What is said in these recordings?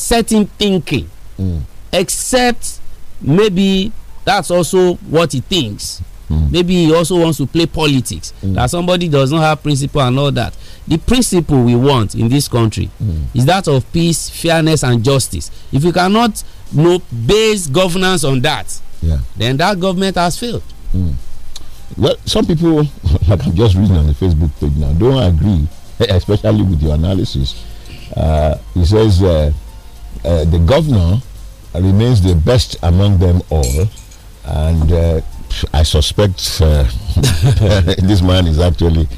certain thinking mm. except maybe that's also what he thinks mm. maybe he also wants to play politics mm. that somebody does not have principle and all that the principle we want in this country mm. is that of peace fairness and justice if we cannot base governance on that yeah. then that government has failed mm. well some people like i'm just reading on the facebook page now don't agree especially with your analysis uh, he says uh, uh, the governor remains the best among them all, and uh, I suspect uh, this man is actually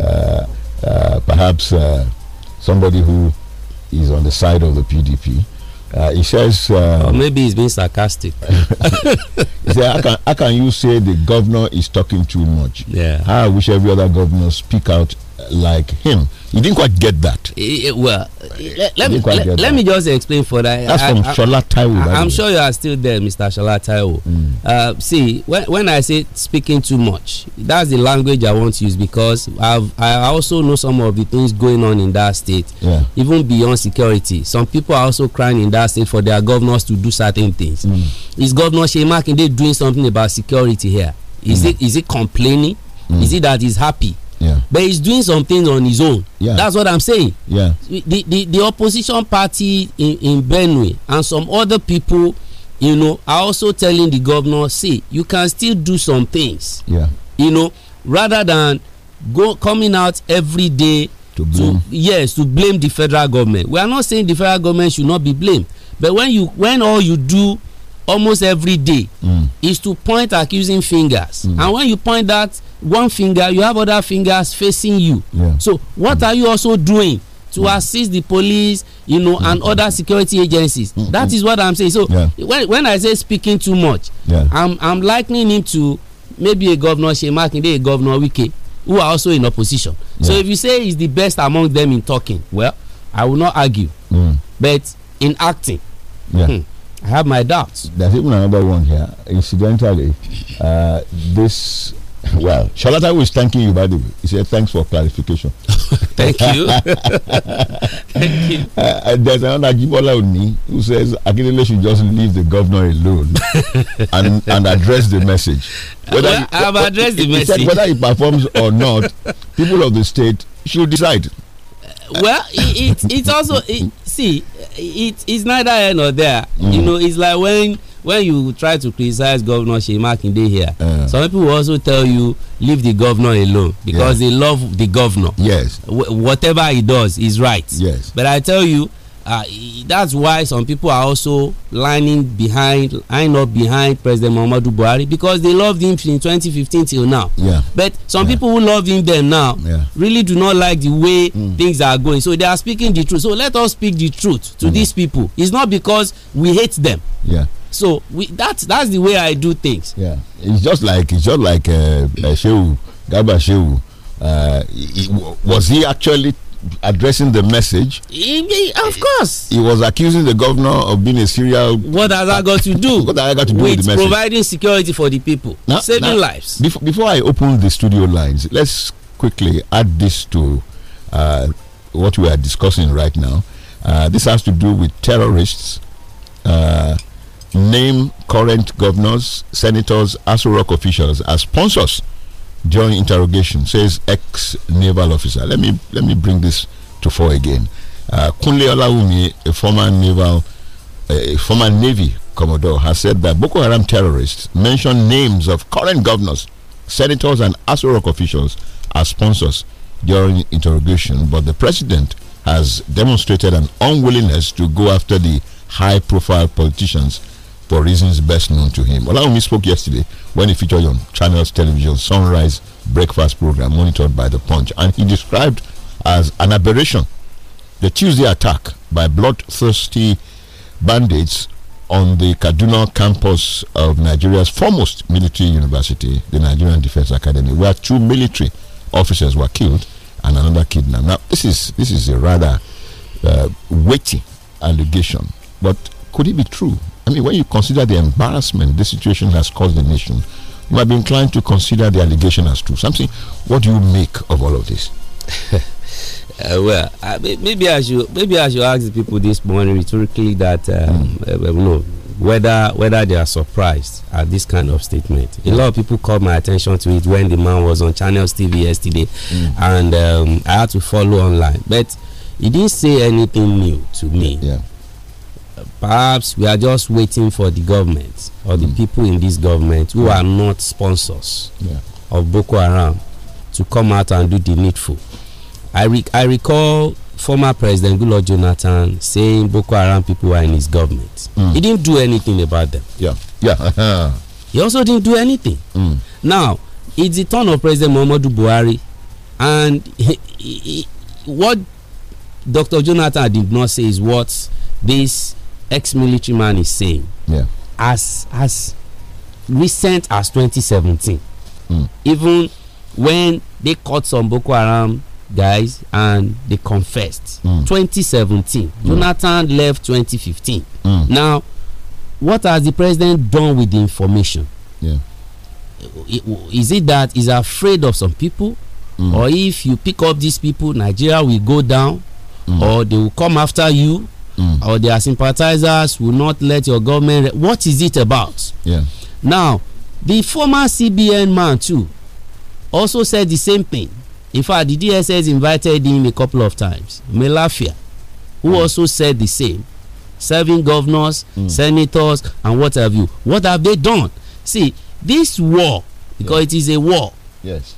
uh, perhaps somebody who is on the side of the PDP. Uh, he says. or maybe he's being sarcastic. he how can, how can you say the governor is talking too much? Yeah. I wish every other governor speak out like him. You didn't quite get that. Uh, well, let, let, let, let me just explain that. That's I, from I, Shola Taiwo. I, am sure you are still there, Mr. Shola Taiwo. Mm. Uh, see, when, when I say speaking too much, that's the language I want to use because I've, I also know some of the things going on in that state, yeah. even beyond security. Some people are also crying in that state for their governors to do certain things. Mm. Is Governor Shemak they doing something about security here? Is, mm. it, is it complaining? Hmm. Is it that he's happy? Yeah. But he's doing some things on his own. Yeah. That's what I'm saying. Yeah. The, the, the opposition party in, in Benue and some other people, you know, are also telling the governor, see, you can still do some things. Yeah. You know, rather than go coming out every day to blame. To, yes, to blame the federal government. We are not saying the federal government should not be blamed. But when you when all you do almost every day mm. is to point accusing fingers mm. and when you point that one finger you have other fingers facing you yeah. so what mm. are you also doing to mm. assist the police you know and mm. other security agencies that is what i'm saying so yeah. when, when i say speaking too much yeah. i'm i'm likening him to maybe a governor shemakinde a governor wike who are also in opposition so if you say he's the best among them in talking well i will not argue but in acting hmm, I have my doubts. There's even another one here. Incidentally, uh, this well, Shalata was thanking you, by the way. He said, Thanks for clarification. Thank you. Thank you. Uh, there's another Jibola me who says, Akindele should just leave the governor alone and, and address the message. Whether well, I've he, addressed he, the he message. whether he performs or not, people of the state should decide. Well, it, it, it's also, it, see, it's neither here nor there. Mm. You know, it's like when when you try to criticize Governor Shemakinde here, uh. some people will also tell you leave the governor alone because yeah. they love the governor. Yes, whatever he does is right. Yes, but I tell you uh, that's why some people are also lining behind lining up behind president muhammadu buhari because they loved him from 2015 till now yeah. but some yeah. people who love him then now yeah. really do not like the way mm. things are going so they are speaking the truth so let us speak the truth to mm. these people it's not because we hate them yeah so we that's that's the way i do things yeah it's just like it's just like uh, uh, shehu gaba shehu uh, was he actually addressing the message. He, of course. He was accusing the governor of being a serial. What has that got to do? what has got to do with, with providing security for the people, now, saving now, lives? Before, before I open the studio lines, let's quickly add this to uh, what we are discussing right now. Uh, this has to do with terrorists. Uh, name current governors, senators, ASUROC officials as sponsors during interrogation, says ex naval officer. Let me let me bring this to fore again. Uh, Kunle Olawumi, a former naval, a former navy commodore, has said that Boko Haram terrorists mentioned names of current governors, senators, and ASOROC officials as sponsors during interrogation, but the president has demonstrated an unwillingness to go after the high-profile politicians for reasons best known to him. Olaomi spoke yesterday when he featured on Channels Television Sunrise Breakfast program monitored by The Punch, and he described as an aberration the Tuesday attack by bloodthirsty bandits on the Kaduna campus of Nigeria's foremost military university, the Nigerian Defense Academy, where two military officers were killed and another kidnapped. Now, this is this is a rather uh, weighty allegation, but could it be true? I mean, when you consider the embarrassment this situation has caused the nation, you might be inclined to consider the allegation as true. Something, what do you make of all of this? uh, well, uh, maybe I should maybe I should ask the people this morning rhetorically that um, mm. uh, no, whether whether they are surprised at this kind of statement. A lot of people called my attention to it when the man was on Channels TV yesterday, mm. and um, I had to follow online. But he didn't say anything new to me. Yeah perhaps we are just waiting for the government or the mm. people in this government who mm. are not sponsors yeah. of Boko Haram to come out and do the needful. I, re I recall former President Goodluck Jonathan saying Boko Haram people were in his government. Mm. He didn't do anything about them. Yeah, yeah. he also didn't do anything. Mm. Now, it's the turn of President Muhammadu Buhari, and he, he, he, what Dr. Jonathan did not say is what this ex-military man is saying yeah. as as recent as 2017 mm. even when they caught some boko haram guys and they confessed mm. 2017 mm. jonathan left 2015 mm. now what has the president done with the information yeah. is it that he's afraid of some people mm. or if you pick up these people nigeria will go down mm. or they will come after you mm. or their sympathizers will not let your government. what is it about? Yeah. Now, the former CBN man too also said the same thing. In fact, the DSS invited him a couple of times. Melafia, who mm. also said the same, serving governors, mm. senators, and what have you. What have they done? See, this war, because yeah. it is a war. Yes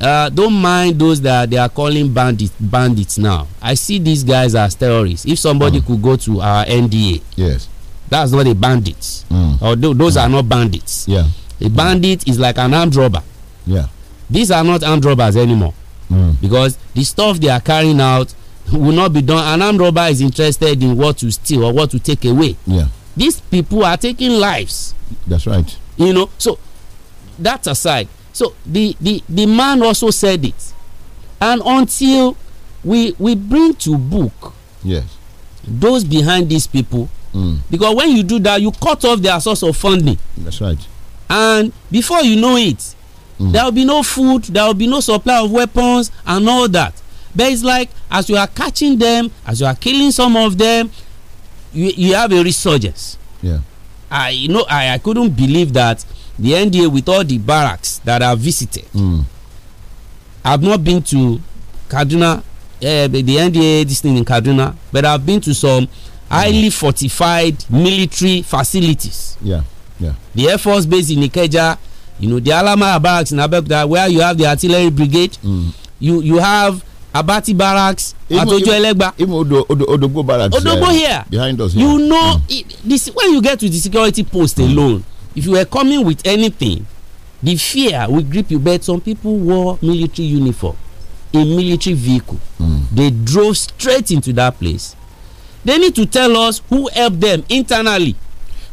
uh, don't mind those that they are calling bandits bandits now i see these guys as terrorists if somebody mm. could go to our nda yes that's not a bandit mm. those mm. are not bandits yeah a bandit is like an armed robber yeah these are not armed robbers anymore mm. because the stuff they are carrying out will not be done an armed robber is interested in what to steal or what to take away yeah these people are taking lives that's right you know so that aside so the, the, the man also said it. And until we, we bring to book yes. those behind these people, mm. because when you do that, you cut off their source of funding. That's right. And before you know it, Mm. there will be no food there will be no supply of weapons and all that but it's like as you are catching them as you are killing some of them you, you have a resurgence yeah i you know I, I couldn't believe that the nda with all the barracks that I've visited. Mm. I've not been to Kaduna, uh, the NDA, this thing in Kaduna, but I've been to some highly fortified military facilities. Yeah, yeah. The Air Force Base in Ikeja, you know, the Alama Barracks in Abeokuta, where you have the artillery brigade. Mm. You you have Abati Barracks, Atojo Elegba. Even Odo, Odo, Odogbo Barracks. Odogbo uh, here. Behind us here. You know, mm. it, this, when you get to the security post mm. alone, if you were coming with anything, the fear will grip you but some people wore military uniform a military vehicle mm. they drove straight into that place they need to tell us who helped them internally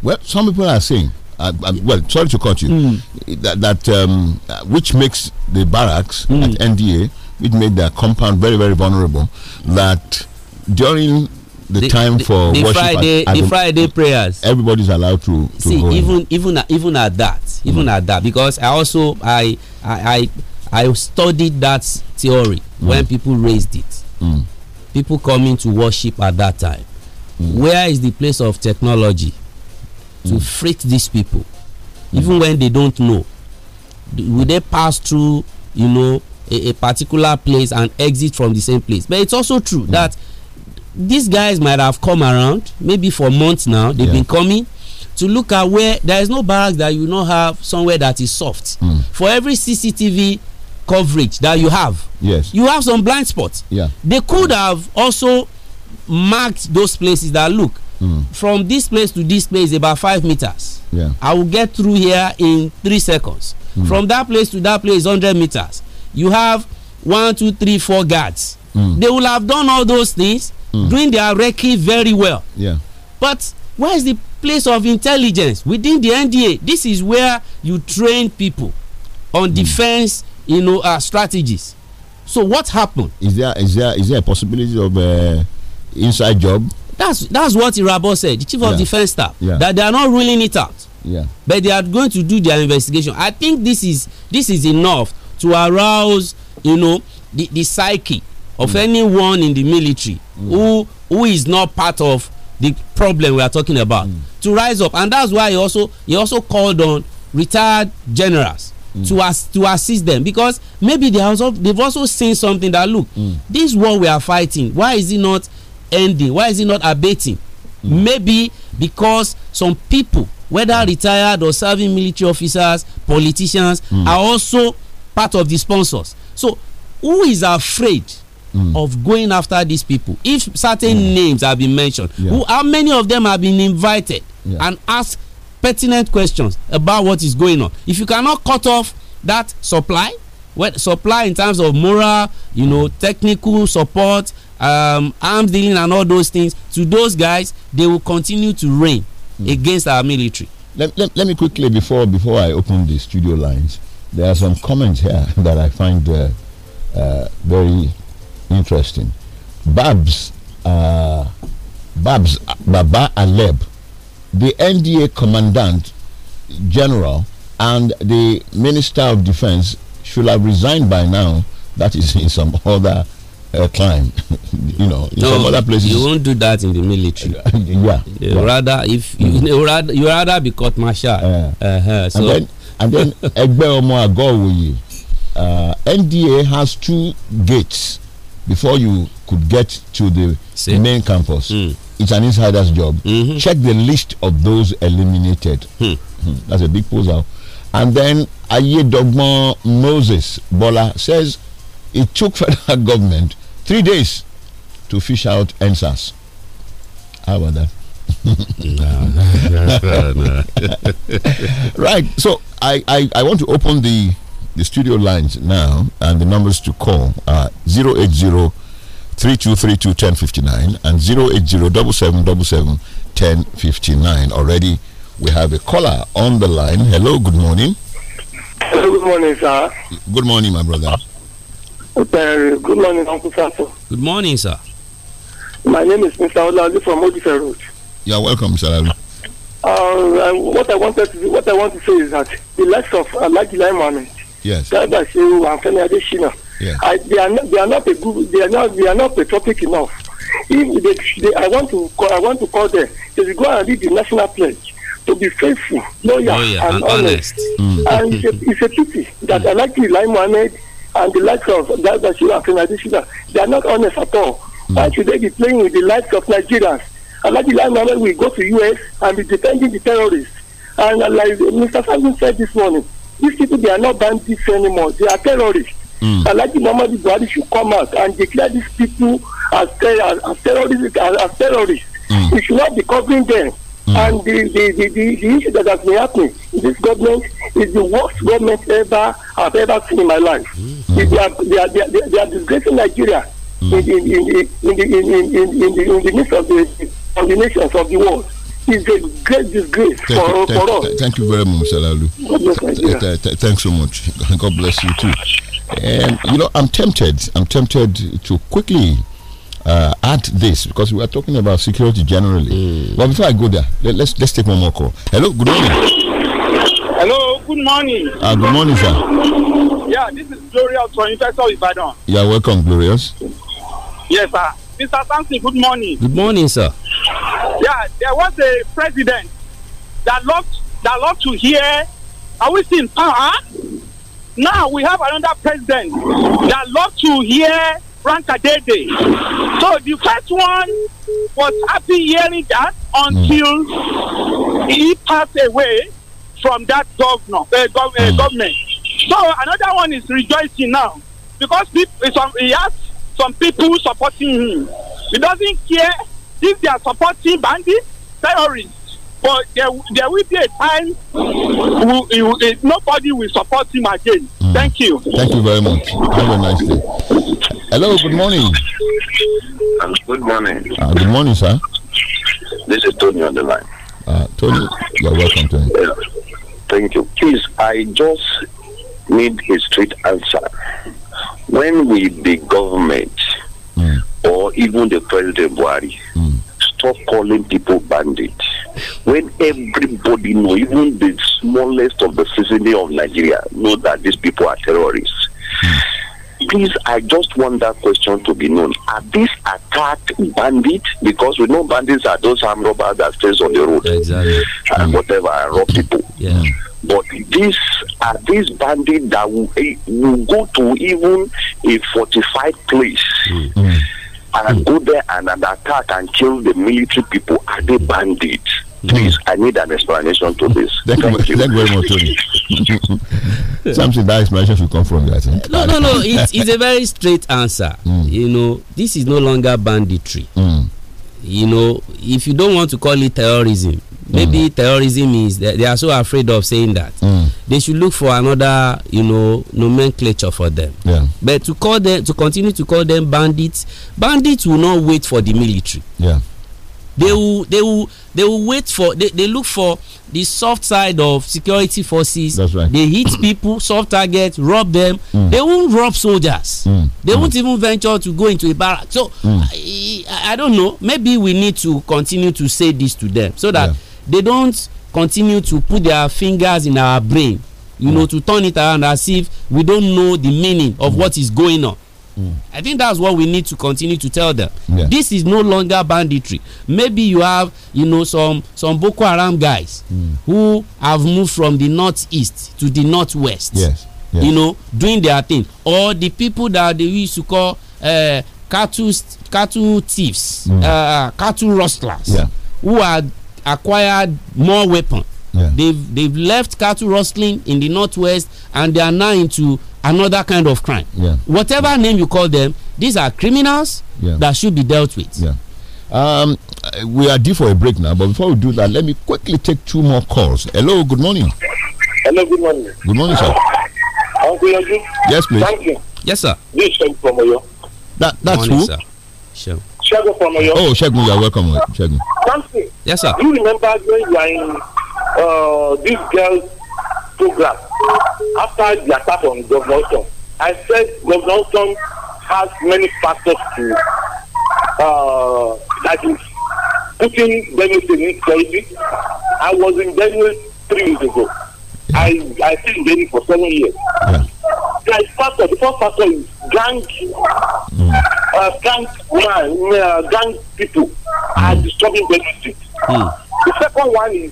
well some people are saying uh, uh, well sorry to cut you mm. that, that um, uh, which makes the barracks mm. at nda which made their compound very very vulnerable that during the, the time for the, the Friday at, the, Friday prayers. Everybody's allowed to. to See, go. even even even at that, even mm. at that, because I also I I I, I studied that theory mm. when people raised it. Mm. People coming to worship at that time. Mm. Where is the place of technology to mm. freak these people, mm. even when they don't know? Will they pass through? You know, a, a, particular place and exit from the same place. But it's also true mm. that these guys might have come around maybe for months now they've yeah. been coming to look at where there is no barracks that you not have somewhere that is soft mm. for every cctv coverage that you have yes you have some blind spots yeah they could have also marked those places that look mm. from this place to this place about five meters yeah i will get through here in three seconds mm. from that place to that place 100 meters you have one two three four guards hmm. they will have done all those things mm. doing their recce very well. Yeah. But where is the place of intelligence within the NDA? This is where you train people on mm. defense, you know, uh, strategies. So what happened? Is there is there is there a possibility of uh, inside job? That's that's what Irabo said, the chief of defense staff, yeah. that they are not ruling it out. Yeah. But they are going to do their investigation. I think this is this is enough to arouse, you know, the the psyche of mm. anyone in the military mm. who who is not part of the problem we are talking about mm. to rise up and that's why he also he also called on retired generals mm. to as to assist them because maybe they also they've also seen something that look mm. this war we are fighting why is it not ending why is it not abating mm. maybe because some people whether retired or serving military officers politicians are also part of the sponsors so who is afraid mm. of going after these people if certain mm. names have been mentioned yeah. who, how many of them have been invited yeah. and asked pertinent questions about what is going on if you cannot cut off that supply well supply in terms of moral you know mm. technical support um, arms dealing and all those things to those guys they will continue to reign mm. against our military let, let, let, me quickly before before i open the studio lines there are some comments here that i find uh, uh, very Interesting. Babs, uh, Babs Baba Aleb, the NDA Commandant General and the Minister of Defense should have resigned by now. That is in some other uh, time, you know, in no, some other places. You won't do that in the military. yeah, yeah. Uh, rather, if you, mm. you rather you rather be caught martial. Yeah. Uh, -huh, so. And then and then Egbe Omo Agowoye, uh, NDA has two gates before you could get to the main campus. Mm. It's an insider's job. -hmm. Check the list of those eliminated. Hmm. Hmm. That's a big puzzle. And then Ayedogmo Moses Bola says it took federal government three days to fish out answers. How about that? no, no, no, right. So I, I, I want to open the the studio lines now and the numbers to call are 080 3232 1059 and 080 Already we have a caller on the line. Hello, good morning. Hello, good morning, sir. Good morning, my brother. Good morning, Uncle Sato. Good morning, sir. My name is Mr. Olaji from Odisa Road. You are welcome, Mr. Olaji. Uh, what I wanted to, what I want to say is that the likes of Alaji uh, Lai Mohammed Yes. That's why I say Anthony Adesina. they are not. They are not a good. They are not. They are not patriotic enough. If they, they, I want to. Call, I want to call them. They go and read the national pledge to be faithful, loyal, and, and, honest. honest. Mm. And it's a, it's a, pity that mm. I like Eli Mohammed and the likes of that and Anthony Adesina. They are not honest at all. Mm. Why should they be playing with the likes of Nigerians? And like Eli Mohammed will go to US and be defending the terrorists. And uh, like Mr. Franklin said this morning, these people, they are not bandits anymore. They are terrorists. Mm. Alaji Muhammad Buhari should come out and declare these people as, ter as, as terrorists. As, as terrorists. Mm. We should not be covering them. Mm. And the, the, the, the, the issue that has been happening in this government is the worst government ever I've ever seen in my life. Mm They, are, they, are, they, are, they are disgracing Nigeria in, in, in, in, in, in, in, in, in, in the midst of the, of the nations of the world is a great disgrace thank for, you, thank, us. Thank you very much, Salalu. thanks so much. God bless you too. And you know, I'm tempted. I'm tempted to quickly uh, add this because we are talking about security generally. Mm. But before I go there, let, us let's, let's take one more call. Hello, good morning. Hello, good morning. Uh, good morning, sir. Yeah, this is Glorious from Investor Ibadan. You are welcome, Glorious. Yes, sir. Mr. Sampson, good morning. Good morning, sir. Yeah, there was a president that loved that loved to hear. Are we seeing power? Now we have another president that loved to hear Rankadede. So the first one was happy hearing that until mm. he passed away from that governor, uh, gov mm. uh, government. So another one is rejoicing now because he has some people supporting him. He doesn't care if they are supporting bandits, terrorists, but there, there will be a time will, nobody will support him again. Mm. Thank you. Thank you very much. Have a nice day. Hello, good morning. Uh, good morning. Uh, good morning, sir. This is Tony on the line. Uh, Tony, you're welcome, to Yeah. Thank you. Please, I just need a straight answer. When will the government mm or even the President Buhari, mm. stop calling people bandits. When everybody know, even the smallest of the citizens of Nigeria know that these people are terrorists. Mm. Please, I just want that question to be known. Are these attacked bandits? Because we know bandits are those armed robbers that stays on the road exactly. and mm. whatever and rob hmm. people. Yeah but these are these bandits that will, eh, will, go to even a fortified place mm and mm. go there and, attack and kill the military people? Are they bandits? Mm. Please, I need an explanation to this. Thank, Thank you. Thank you very much, Tony. Something that explanation should come from you, I think. No, no, no. It's, it's a very straight answer. Mm. You know, this is no longer banditry. Hmm. You know, if you don't want to call it terrorism, Maybe mm. terrorism is they are so afraid of saying that. Mm. They should look for another, you know, nomenclature for them. Yeah. But to call them to continue to call them bandits, bandits will not wait for the military. Yeah. They will they will they will wait for they, they look for the soft side of security forces. That's right. They hit people, soft targets, rob them. Mm. They won't rob soldiers. Mm. They mm. won't even venture to go into a barrack. So mm. I, I, don't know. Maybe we need to continue to say this to them so that yeah they don't continue to put their fingers in our brain you mm. know to turn it around as if we don't know the meaning of mm. what is going on mm. i think that's what we need to continue to tell them yeah. this is no longer banditry maybe you have you know some some boko haram guys mm. who have moved from the northeast to the northwest yes. yes. you know doing their thing or the people that they used to call uh, cattle cattle thieves uh, cattle rustlers yeah. who are acquired more weapons. Yeah. They've they've left cattle rustling in the northwest and they are now into another kind of crime. Yeah. Whatever yeah. name you call them, these are criminals that should be dealt with. Um, we are due for a break now, but before we do that, let me quickly take two more calls. Hello, good morning. Hello, good morning. Good morning, sir. Uncle Andrew. Yes, please. Thank you. Yes, sir. This is from Oyo. That that's morning, who? Sir. Sure. Shagun from Oyo. Oh, Shagun, you are welcome, Shagun. Yes, sir. Do you remember when you are in uh, this girl's program after the attack on Governor Tom? I said Governor Tom has many factors to uh, that is putting Benue in authority. I was in Benue three years ago. I I still dating for seven years. Yeah. factor. The first factor is gang, mm. uh, gang, uh, gang people mm. are disturbing the Mm. The second one is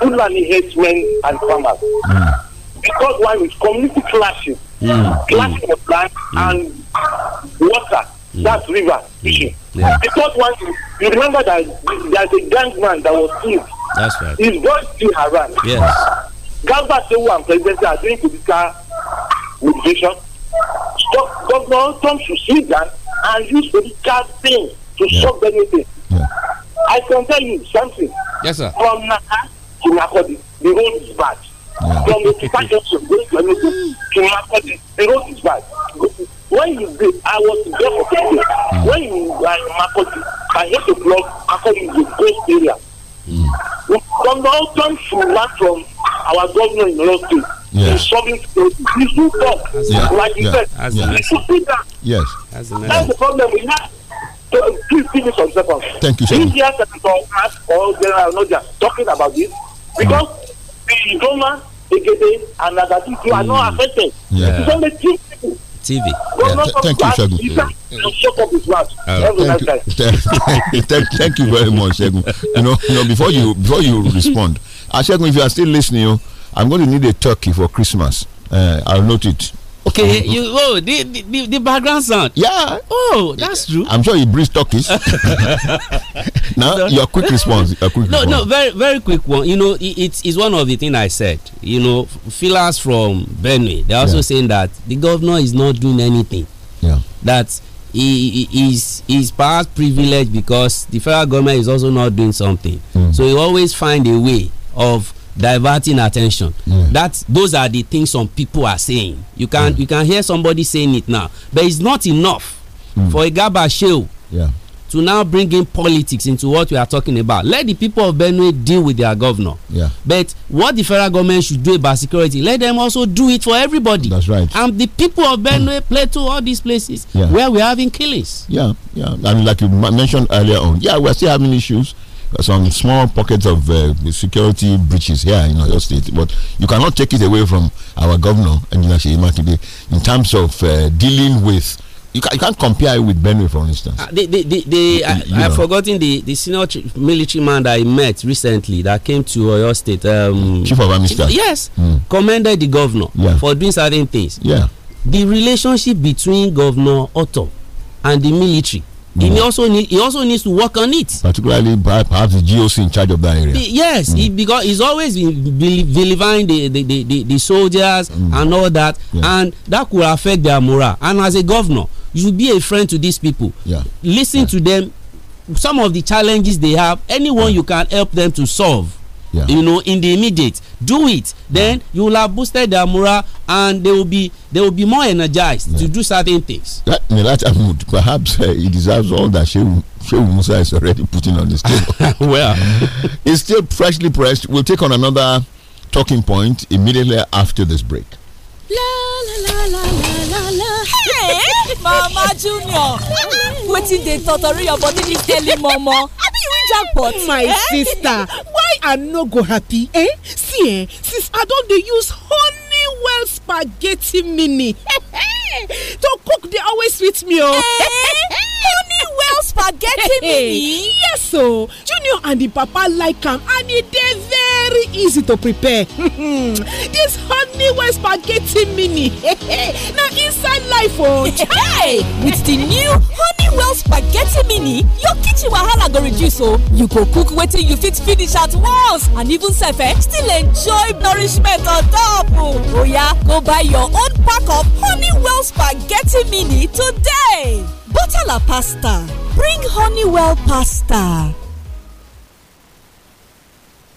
Fulani headsmen and farmers. Mm. The one is community clashes, mm. clashing of land mm. and water. Mm. That river mm. issue. Yeah. The third one is you remember that there's a gang man that was killed. That's right. He's boy to around. Yes Galba and President are Stop governor come to sit down and use political thing to yeah. solve anything. Yeah. I can tell you something. Yes, sir. From Naka to Nakodi, the road is bad. Yeah. From the junction going to Nakodi to Nakodi, the road is bad. When you did, I was there for two days. Mm. When you were in Makodi, by 8 o'clock, Makodi is the best area. Consultants should learn from our government in Oyo Yes. In solving this new talk, yeah. like you said, yeah. Yes. That's, the problem we have. So, please give me some seconds. Thank you, sir. These years us or general talking about this mm. because mm. the Idoma, Egede, and Agadi, you are not mm. affected. Yeah. It's only TV. thank you, Shagun. Uh, thank, you, very much, Shagun. You know, you know, before you before you respond, uh, Shagun, if you are still listening, I'm going to need a turkey for Christmas. Uh, I'll note it. Okay, you oh the, the the background sound. Yeah. Oh, that's true. I'm sure you breathe talkies. now no. your quick response. Your quick no, response. no, very very quick one. You know, it, it's, it's one of the things I said. You know, fillers from Benue, they're also yeah. saying that the governor is not doing anything. Yeah. That he is he, is past privileged because the federal government is also not doing something. Mm. So he always find a way of diverting attention yeah. that those are the things some people are saying you can yeah. you can hear somebody saying it now but it's not enough mm. for a gaba show yeah. to now bring in politics into what we are talking about let the people of benue deal with their governor but what the federal government should do about security let them also do it for everybody that's right and the people of hmm. benue mm. to all these places where we're having killings yeah yeah i mean like you mentioned earlier on yeah we're still having issues some small pockets of uh, security breaches here in Oyo State, but you cannot take it away from our governor, Engineer Shehima in terms of uh, dealing with. You, can, not compare it with Benue, for instance. Uh, I, have forgotten the, the senior military man that I met recently that came to Oyo State. Um, Chief of Army Staff. Yes. Mm. Commended the governor yeah. for doing certain things. Yeah. The relationship between Governor Otto and the military he mm. also need he also needs to work on it. Particularly by perhaps the GOC in charge of that area. The, yes, mm. he, because he's always been vilifying the the, the, the, the soldiers mm. and all that, yeah. and that could affect their morale. And as a governor, you should be a friend to these people. Yeah. Listen to them. Some of the challenges they have, anyone you can help them to solve yeah. you know in the immediate do it then yeah. you will have boosted their morale and they will be they will be more energized yeah. to do certain things. That, in that mood, perhaps uh, he deserves all that she Shehu Musa is already putting on his table. well, it's still freshly pressed. We'll take on another talking point immediately after this break. la, la, la, la, la, la. Hey, Mama Junior wetin dey totori your body dis daily momo abi you win jackpot. my eh? sister why i no go happy eh see eh since i don dey use honey very well spaghetti mini. to cook dey always sweet me o. Oh. Eh? honeywell spaghetti mini. yes o junior and im papa like am and e dey very easy to prepare. this honeywell spaghetti mini na inside life o. Oh. with the new honeywell spaghetti mini your kitchen wahala go reduce o. Oh. you go cook wetin you fit finish at once and even sef eh, still enjoy nourishment on top oh oya go buy your own pack of honeywell spaghetti mini today butala pasta bring honeywell pasta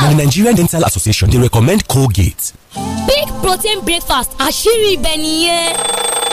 na the nigerian dental association dey recommend colgate. big protein breakfast àṣírí ibẹ̀ nìyẹn.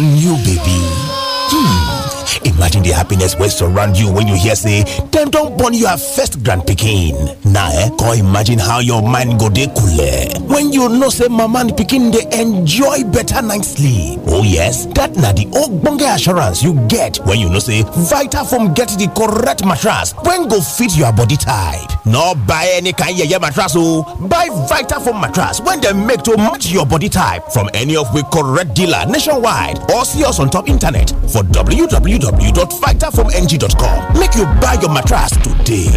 New baby. Hmm. Imagine the happiness wey surround you when you hear say dem don born your first grand picking." Now, eh, come imagine how your mind go dey when you know say mama and picking dey enjoy better night sleep. Oh yes, that na the ogbonge assurance you get when you know say Vitafoam get the correct mattress when go fit your body type. No buy any kind yeye mattress oh? buy Vitafoam mattress when they make to match your body type from any of we correct dealer nationwide or see us on top internet for www www.vitafromng.com. Make you buy your mattress today.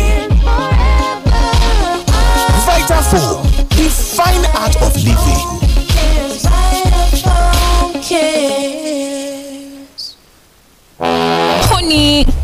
Vitafoam, the fine art of living. Honey.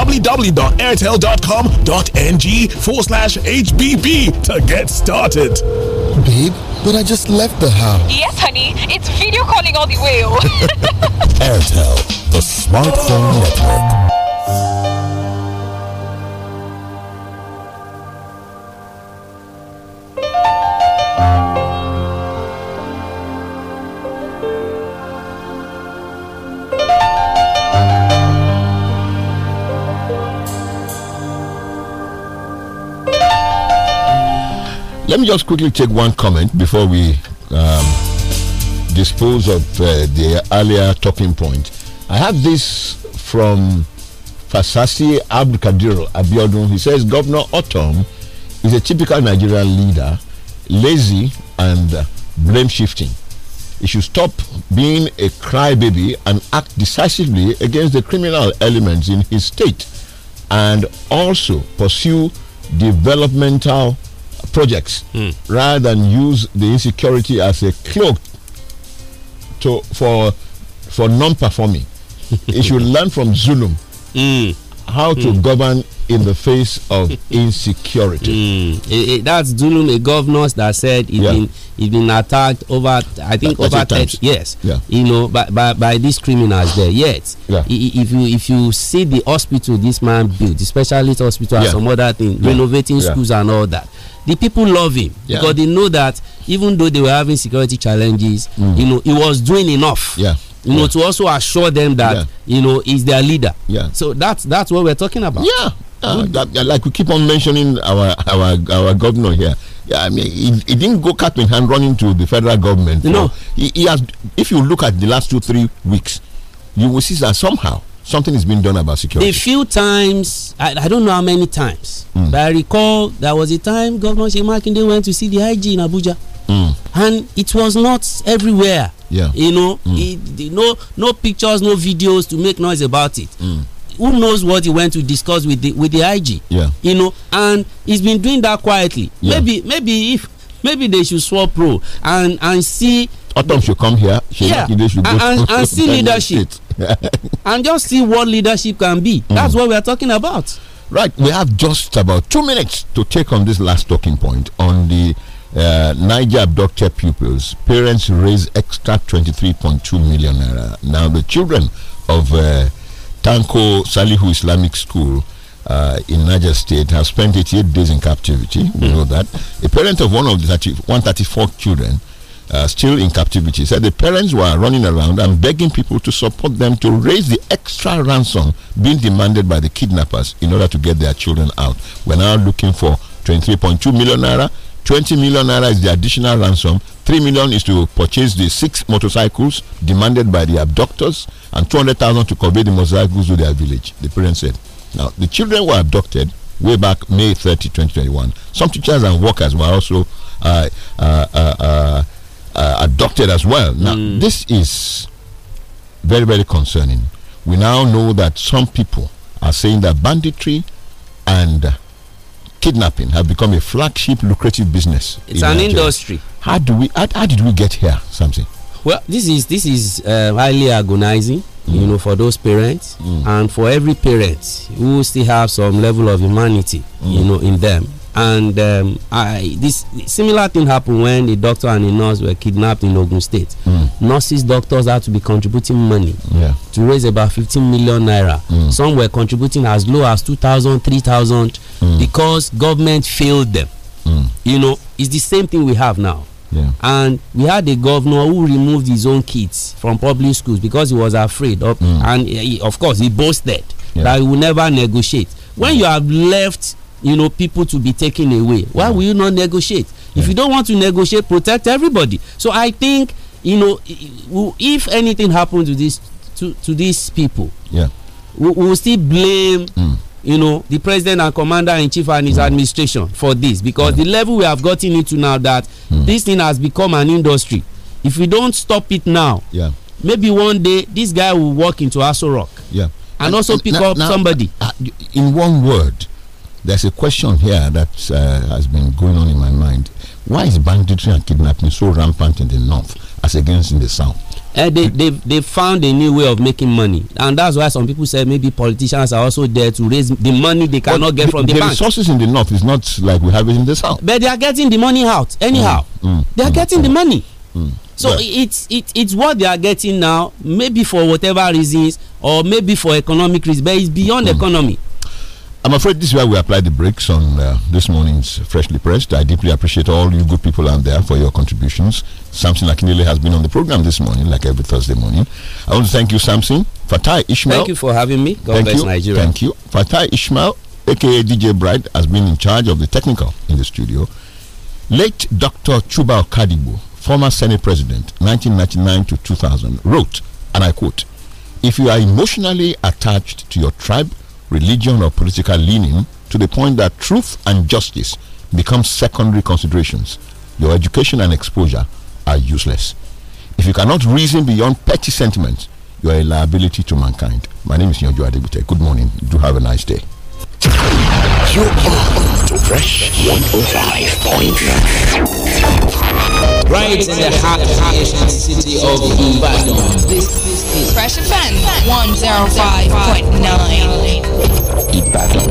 www.airtel.com.ng forward slash HBB to get started. Babe, but I just left the house. Yes, honey. It's video calling all the way. Oh. Airtel, the smartphone network. Let me just quickly take one comment before we um, dispose of uh, the earlier talking point. I have this from Fasasi Abdulkadir Abiodun. He says Governor Otom is a typical Nigerian leader, lazy and uh, blame shifting. He should stop being a crybaby and act decisively against the criminal elements in his state and also pursue developmental projects mm. rather than use the insecurity as a cloak to for for non-performing. it should learn from Zulum. Mm how to hmm. govern in the face of insecurity. Mm. It, it, that's Zulum, a governor that said he's yeah. been he's been attacked over I think over 30, yes, yeah. you know, by, by, by these criminals there. Yet, yeah. if you if you see the hospital this man built, especially hospital and some other thing, renovating schools and all that the people love him yeah. because they know that even though they were having security challenges mm. you know he was doing enough yeah you know to also assure them that you know is their leader yeah so that's that's what we're talking about yeah uh, that, like we keep on mentioning our our our governor here. Yeah, I mean, he, he didn't go cap in hand running to the federal government. No, know he, he, has. If you look at the last two three weeks, you will see that somehow something is being done about security. A few times, I, I don't know how many times, mm. but I recall there was a time Governor Shemakinde went to see the IG in Abuja. Mm. And it was not everywhere. Yeah. You know, mm. it, no no pictures, no videos to make noise about it. Mm. Who knows what he went to discuss with the with the IG? Yeah. You know, and he's been doing that quietly. Yeah. Maybe maybe if maybe they should swap pro and and see autumn should come here yeah. and, and, and see leadership and just see what leadership can be mm. that's mm. what we are talking about right we have just about two minutes to take on this last talking point on the uh, Niger abducted pupils. Parents raised extra 23.2 million naira. Now, the children of uh, Tanko Salihu Islamic School uh, in Niger State have spent 88 days in captivity. We hmm. know that. A parent of one of the 30, 134 children uh, still in captivity said the parents were running around and begging people to support them to raise the extra ransom being demanded by the kidnappers in order to get their children out. We're now looking for 23.2 million naira 20 million naira is the additional ransom, 3 million is to purchase the six motorcycles demanded by the abductors, and 200,000 to convey the motorcycles to their village, the parents said. Now, the children were abducted way back May 30, 2021. Some teachers and workers were also uh, uh, uh, uh, uh abducted as well. Now, mm. this is very, very concerning. We now know that some people are saying that banditry and kidnapping have become a flagship lucrative business. It's in an Nigeria. industry. How do we? How, how, did we get here, Something. Well, this is this is uh, highly agonizing, mm. you know, for those parents mm. and for every parent who still have some level of humanity, mm. you know, in them and um, I, this similar thing happened when the doctor and the nurse were kidnapped in Ogun State. Mm. Nurses, doctors had to be contributing money yeah. to raise about 15 million naira. Mm. Some were contributing as low as 2,000, 3,000 mm. because government failed them. Hmm. You know, it's the same thing we have now. Yeah. And we had a governor who removed his own kids from public schools because he was afraid of, hmm. and he, of course, he boasted yeah. that he would never negotiate. When hmm. you have left you know people to be taken away why yeah. will you not negotiate yeah. if you don't want to negotiate protect everybody so i think you know if anything happens to this to, to these people yeah we will still blame mm. you know the president and commander in chief and his mm. administration for this because yeah. the level we have gotten into now that mm. this thing has become an industry if we don't stop it now yeah maybe one day this guy will walk into Aso Rock yeah and, and also pick up now, somebody uh, uh, in one word there's a question here that uh, has been going on in my mind. Why is banditry and kidnapping so rampant in the north as against in the south? Uh, they, they, they found a new way of making money, and that's why some people say maybe politicians are also there to raise the money they cannot get from the, the bank. resources in the north is not like we have it in the south. But they are getting the money out anyhow. Mm, mm, they are mm, getting the mm, money. Mm, so yeah. it's it, it's what they are getting now, maybe for whatever reasons or maybe for economic reasons, but it's beyond mm. economy. I'm afraid this is where we apply the brakes on uh, this morning's Freshly Pressed. I deeply appreciate all you good people out there for your contributions. Samson Akinele has been on the program this morning, like every Thursday morning. I want to thank you, Samson. Fatai Ishmael. Thank you for having me. God thank bless you. Nigeria. Thank you. Fatai Ishmael, aka DJ Bright, has been in charge of the technical in the studio. Late Dr. Chuba Okadibo, former Senate President, 1999 to 2000, wrote, and I quote, If you are emotionally attached to your tribe religion, or political leaning to the point that truth and justice become secondary considerations. Your education and exposure are useless. If you cannot reason beyond petty sentiments, you are a liability to mankind. My name is Nyojo Adibute. Good morning. Do have a nice day. Fresh 105.9. Right in the heart of city of Ibadan. This is Fresh Offense 105.9. Ibadan.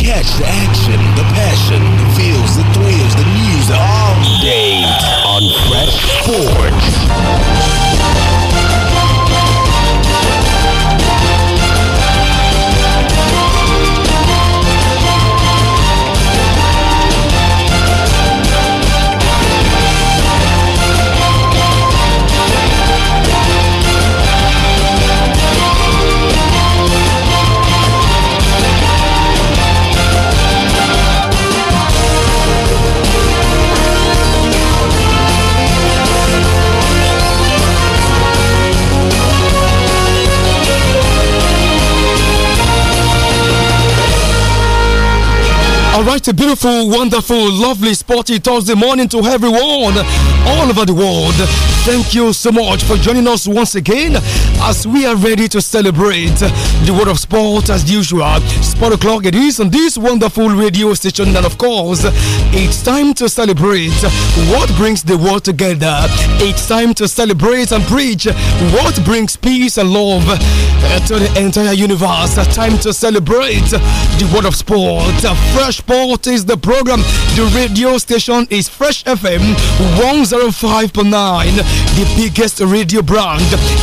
Catch the action, the passion, the feels, the thrills, the news all day on Fresh Sports. All right, a beautiful, wonderful, lovely, sporty Thursday morning to everyone all over the world. Thank you so much for joining us once again as we are ready to celebrate the world of sport as usual. Sport o'clock it is on this wonderful radio station, and of course, it's time to celebrate what brings the world together. It's time to celebrate and preach what brings peace and love uh, to the entire universe. Time to celebrate the world of sport. Fresh Sport is the program. The radio station is Fresh FM 105.9, the biggest radio brand,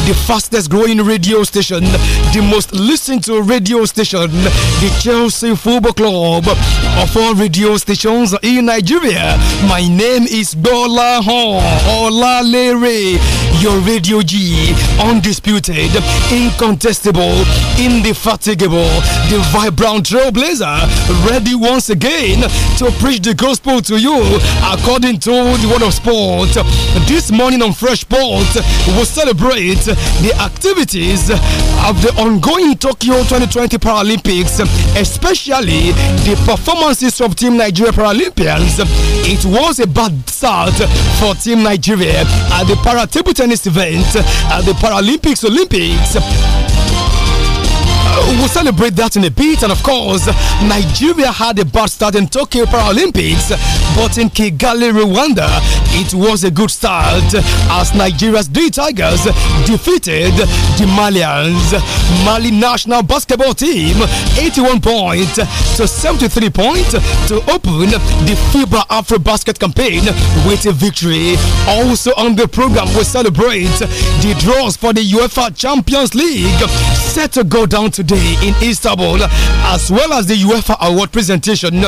the fastest growing radio station, the most listened to radio station, the Chelsea Football Club of all radio stations in Nigeria. My name is Bola Hon Olalere, your radio G, undisputed, incontestable, indefatigable, the vibrant trailblazer, ready once once again to preach the gospel to you according to the word of sport. This morning on Fresh Sport, we'll celebrate the activities of the ongoing Tokyo 2020 Paralympics, especially the performances of Team Nigeria Paralympians. It was a bad start for Team Nigeria at the para table tennis event at the Paralympics Olympics uh, we'll celebrate that in a bit. And of course, Nigeria had a bad start in Tokyo Paralympics, but in Kigali, Rwanda, it was a good start as Nigeria's D Tigers defeated the Malians. Mali national basketball team 81 points to 73 points to open the FIBA Afro Basket campaign with a victory. Also on the program, we celebrate the draws for the UEFA Champions League set to go down today in Istanbul, as well as the UEFA Award presentation.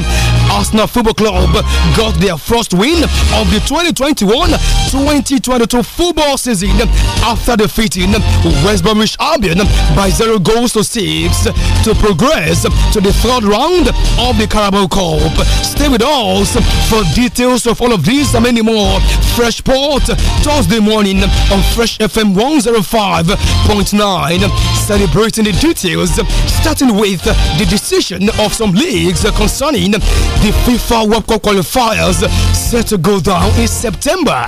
Arsenal Football Club got their first win of the 2021-2022 football season after defeating West Bromwich Albion by zero goals to six to progress to the third round of the Carabao Cup. Stay with us for details of all of these and many more. Fresh Port Thursday morning on Fresh FM 105.9. Celebrate elaborating the details, starting with the decision of some leagues concerning the FIFA World Cup qualifiers set to go down in September.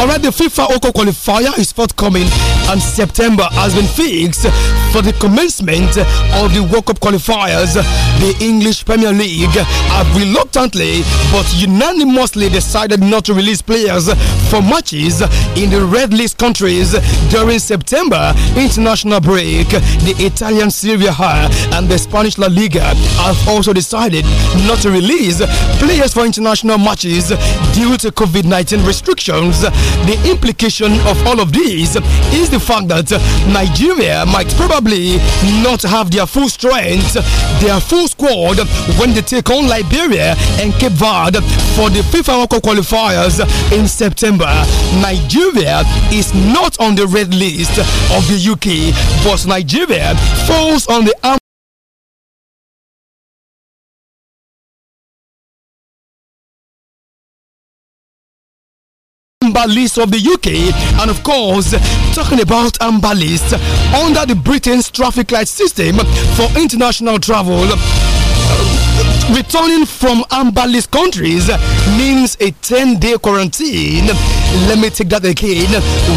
All right, the FIFA Oko qualifier is forthcoming, and September has been fixed for the commencement of the World Cup qualifiers. The English Premier League have reluctantly but unanimously decided not to release players for matches in the red list countries during September international break. The Italian Serie A and the Spanish La Liga have also decided not to release players for international matches due to COVID 19 restrictions. The implication of all of this is the fact that Nigeria might probably not have their full strength, their full squad when they take on Liberia and Cape Verde for the FIFA World Cup qualifiers in September. Nigeria is not on the red list of the UK, but Nigeria falls on the amber list of the UK. And of course, talking about amber list under the Britain's traffic light system for international travel returning from amber list countries means a 10-day quarantine let me take that again.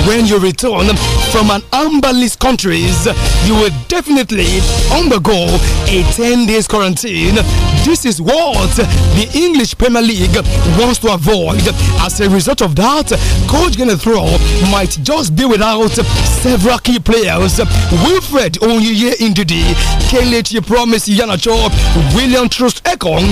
When you return from an amber list countries, you will definitely undergo a 10 days quarantine. This is what the English Premier League wants to avoid. As a result of that, Coach Gennett Throw might just be without several key players. Wilfred Onyeye Indidi, Kelechi Promise Yanacho, William Trust Ekong,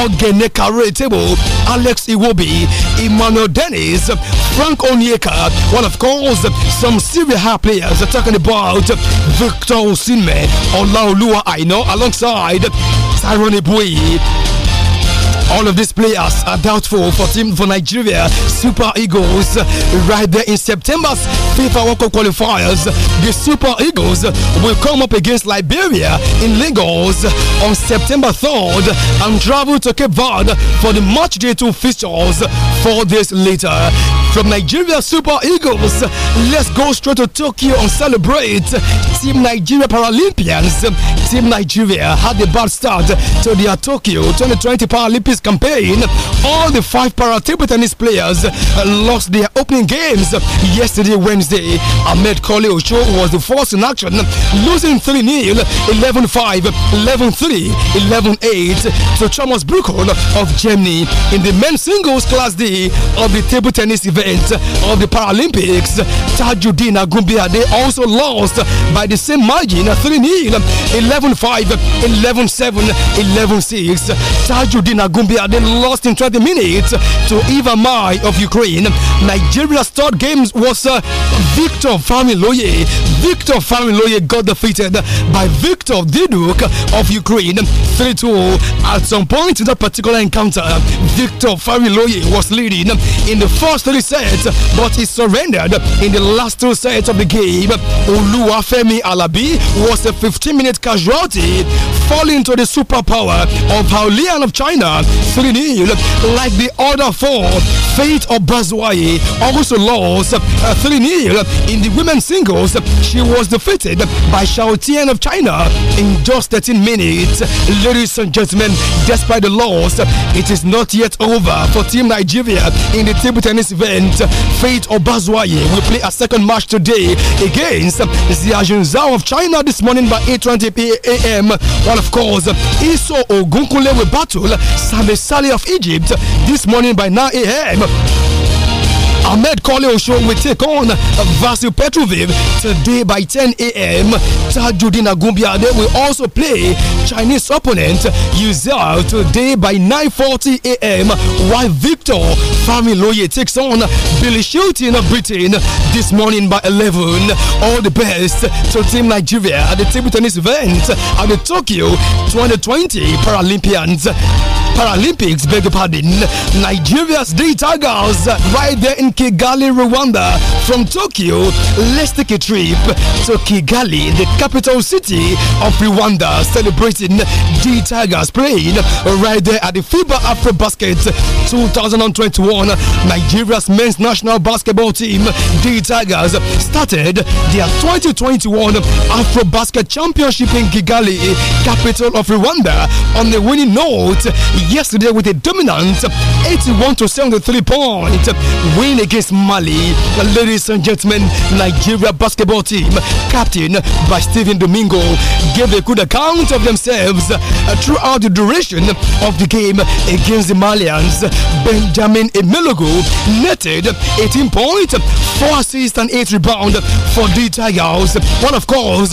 Ogene table Alex Iwobi, Emmanuel Dennis, Frank Onyeka, well, of course, some serious A players are talking about Victor Osimhen, Olaoluwa Aino, alongside Tyrone Ibui. All of these players are doubtful for team for Nigeria Super Eagles right there in September's FIFA World Cup qualifiers, the Super Eagles will come up against Liberia in Lagos on September 3rd and travel to Cape Verde for the match day two fixtures four days later. From Nigeria Super Eagles, let's go straight to Tokyo and celebrate Team Nigeria Paralympians. Team Nigeria had a bad start to their Tokyo 2020 Paralympics campaign. All the five para table tennis players lost their opening games yesterday, Wednesday. Wednesday. Ahmed Kole Ocho was the first in action, losing 3 0, 11 5, 11 3, 11 8 to Thomas Bruchon of Germany in the men's singles class D of the table tennis event of the Paralympics. Tajuddin Agumbiade also lost by the same margin 3 0, 11 5, 11 7, 11 6. Tajuddin Agumbiade lost in 20 minutes to Eva Mai of Ukraine. Nigeria's third game was. Uh, Victor Familoye. Victor Familoye got defeated by Victor Diduk of Ukraine 3 2. At some point in that particular encounter, Victor Familoye was leading in the first three sets, but he surrendered in the last two sets of the game. Oluwafemi Alabi was a 15 minute casualty, falling to the superpower of Haolian of China 3 0. Like the other four, Fate of Bazwaye also lost uh, 3 0 Steel. In the women's singles, she was defeated by Xiao Tian of China in just 13 minutes. Ladies and gentlemen, despite the loss, it is not yet over for Team Nigeria in the table tennis event. Faith Obazwaye will play a second match today against Xiajun Zhao of China this morning by 8.20 a.m. While, of course, Iso Ogunkule will battle Sami Sali of Egypt this morning by 9 a.m. Ahmed Kole Osho will take on Vasil Petrovic today by 10 a.m. Tajuddin Agumbiade will also play Chinese opponent Yuzel today by 9.40 a.m. While Victor Familoye takes on Billy Shilton of Britain this morning by 11. All the best to Team Nigeria at the table tennis event at the Tokyo 2020 Paralympians. Paralympics, beg your pardon, Nigeria's Data Girls right there in Kigali, Rwanda. From Tokyo, let's take a trip to Kigali, the capital city of Rwanda, celebrating d Tigers playing right there at the FIBA Afro Basket 2021. Nigeria's men's national basketball team, the Tigers, started their 2021 Afro Basket Championship in Kigali, capital of Rwanda, on the winning note yesterday with a dominant 81 to 73 point win against Mali. Ladies and gentlemen, Nigeria basketball team, captain by Stephen Domingo, gave a good account of themselves throughout the duration of the game against the Malians. Benjamin Emelogo netted 18 points, 4 assists, and 8 rebounds for the Tigers. One of course,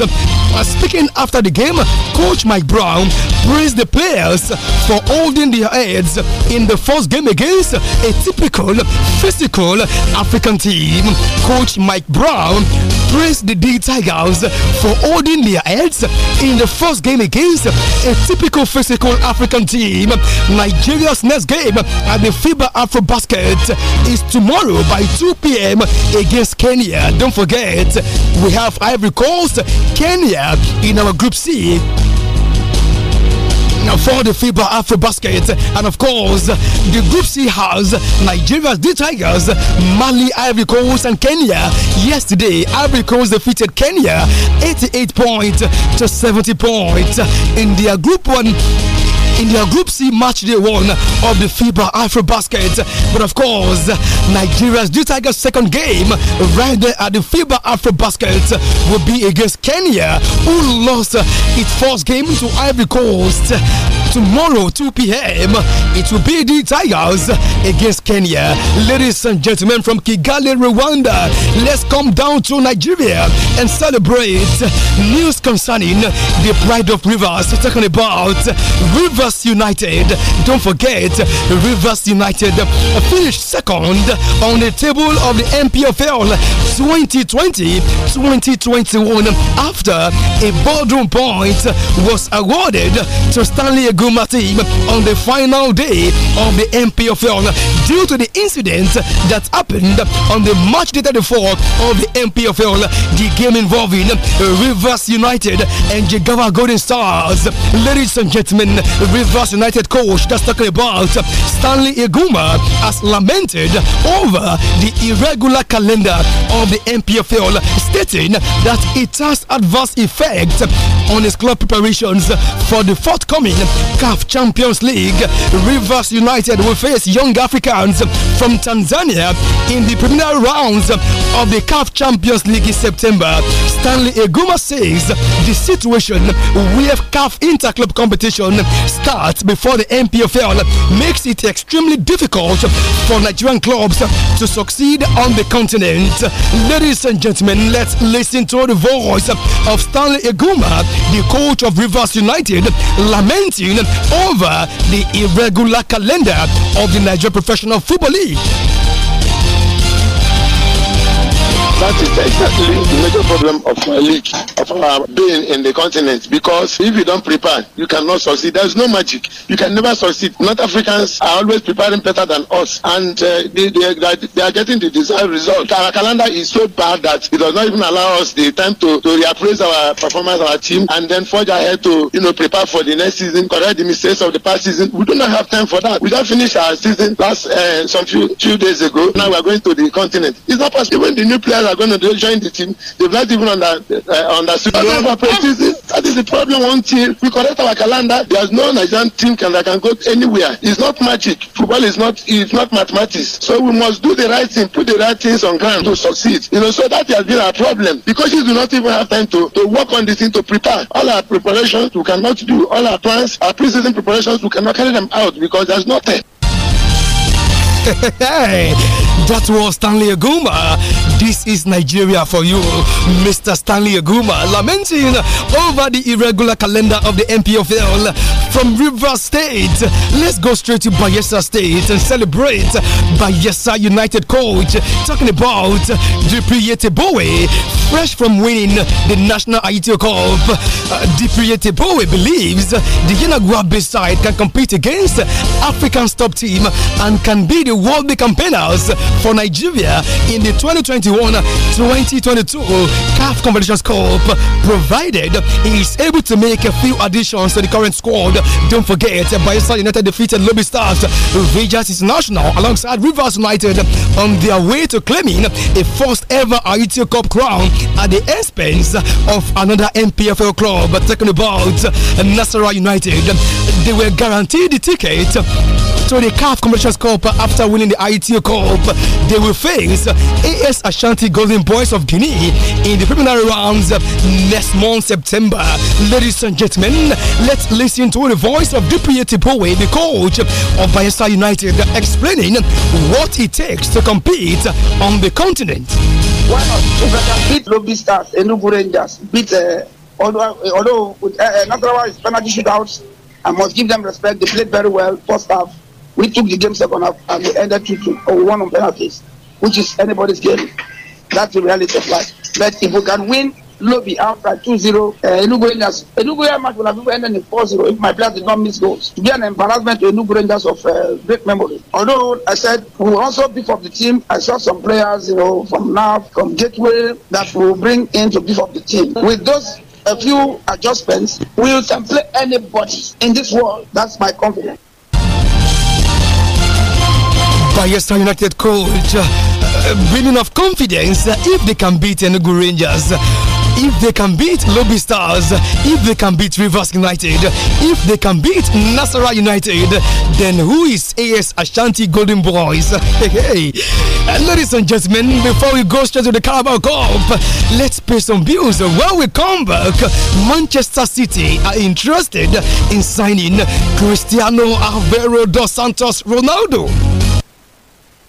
speaking after the game, coach Mike Brown praised the players for holding their heads in the first game against a typical physical African team. Coach Mike Brown praised the D Tigers for holding their heads in the first game against a typical physical African team. Nigeria's next game at the FIBA Afro Basket is tomorrow by 2 p.m. against Kenya. Don't forget, we have Ivory Coast, Kenya in our Group C for the FIBA Afro Basket. And of course, the Group C has Nigeria's D Tigers, Mali, Ivory Coast, and Kenya. Yesterday, Ivory Coast defeated Kenya 88 points to 70 points in their Group 1 in their Group C match day one of the FIBA Afro Basket. But of course, Nigeria's New Tigers' second game right there at the FIBA Afro Basket will be against Kenya, who lost its first game to Ivory Coast tomorrow 2 p.m. It will be the Tigers against Kenya. Ladies and gentlemen from Kigali, Rwanda, let's come down to Nigeria and celebrate news concerning the Pride of Rivers. talking about River Rivers United. Don't forget, Rivers United finished second on the table of the MPFL 2020-2021 after a boardroom point was awarded to Stanley Aguma team on the final day of the MPFL due to the incident that happened on the March 34 of the MPFL, the game involving Rivers United and Jagawa Golden Stars. Ladies and gentlemen, Rivers United coach that's talking about Stanley Iguma has lamented over the irregular calendar of the NPFL, stating that it has adverse effect on his club preparations for the forthcoming CAF Champions League. Rivers United will face young Africans from Tanzania in the preliminary rounds of the CAF Champions League in September. Stanley Iguma says the situation we have CAF interclub competition start before the MPFL makes it extremely difficult for Nigerian clubs to succeed on the continent. Ladies and gentlemen, let's listen to the voice of Stanley Eguma, the coach of Rivers United, lamenting over the irregular calendar of the Nigerian Professional Football League. That is exactly the major problem of our league, of our uh, being in the continent. Because if you don't prepare, you cannot succeed. There's no magic. You can never succeed. North Africans are always preparing better than us, and uh, they, they, they, are getting the desired result. Our calendar is so bad that it does not even allow us the time to, to reappraise our performance, our team, and then forge ahead to you know prepare for the next season, correct the mistakes of the past season. We do not have time for that. We just finished our season last uh, some few, few days ago. Now we are going to the continent. It's not possible. Even the new players guys are going to join the team. They've not even under, uh, understood That is the problem until we correct our calendar. There's no Nigerian team can, that can go anywhere. It's not magic. Football is not it's not mathematics. So we must do the right thing, put the right things on ground to succeed. You know, so that has been our problem. Because you do not even have time to, to work on this thing to prepare. All our preparations we cannot do. All our plans, our preseason preparations, we cannot carry them out because there's nothing. hey. That was Stanley Aguma. This is Nigeria for you, Mr. Stanley Aguma, lamenting over the irregular calendar of the MPFL from River State. Let's go straight to Bayelsa State and celebrate Bayelsa United coach talking about Depriete Bowie, fresh from winning the National ITO Cup. Uh, Depriete Bowie believes the Yenaguabe side can compete against African top team and can be the world big campaigners for Nigeria in the 2021-2022 CAF Competitions Cup, provided he is able to make a few additions to the current squad. Don't forget, Bayelsa United defeated Lobby Stars, Rangers International alongside Rivers United on their way to claiming a first ever Aitio Cup crown at the expense of another MPFL club, talking about Nasara United. They were guaranteed the ticket to the CAF Commissioners Cup after winning the ITO Cup. They will face AS Ashanti Golden Boys of Guinea in the preliminary rounds next month, September. Ladies and gentlemen, let's listen to the voice of Dupuy Tipowe, the coach of Bayelsa United, explaining what it takes to compete on the continent. Why not? If beat Lobby Stars, Enugu Rangers, beat, uh, although, although uh, uh, penalty shootouts, I must give them respect. They played very well, first half we took the game second half and we ended 2 2 or one on penalties, which is anybody's game. That's the reality of life. But if we can win Lobby outright 2 0, uh, Enugu Rangers, Enugu Rangers match would have ended in 4 0 if my players did not miss goals. To be an embarrassment to Enugu Rangers of uh, great memory. Although I said we will also beef up the team, I saw some players, you know, from now, from Gateway, that will bring in to beef up the team. With those a few adjustments, we can play anybody in this world. That's my confidence. Bayelsa United coach uh, building of confidence uh, if they can beat Enugu Rangers uh, if they can beat Lobby Stars, uh, if they can beat Rivers United, if they can beat Nasara United, then who is AS Ashanti Golden Boys? Hey, hey. And ladies and gentlemen, before we go straight to the Carabao Cup, let's pay some bills. When we come back, Manchester City are interested in signing Cristiano Alvaro dos Santos Ronaldo.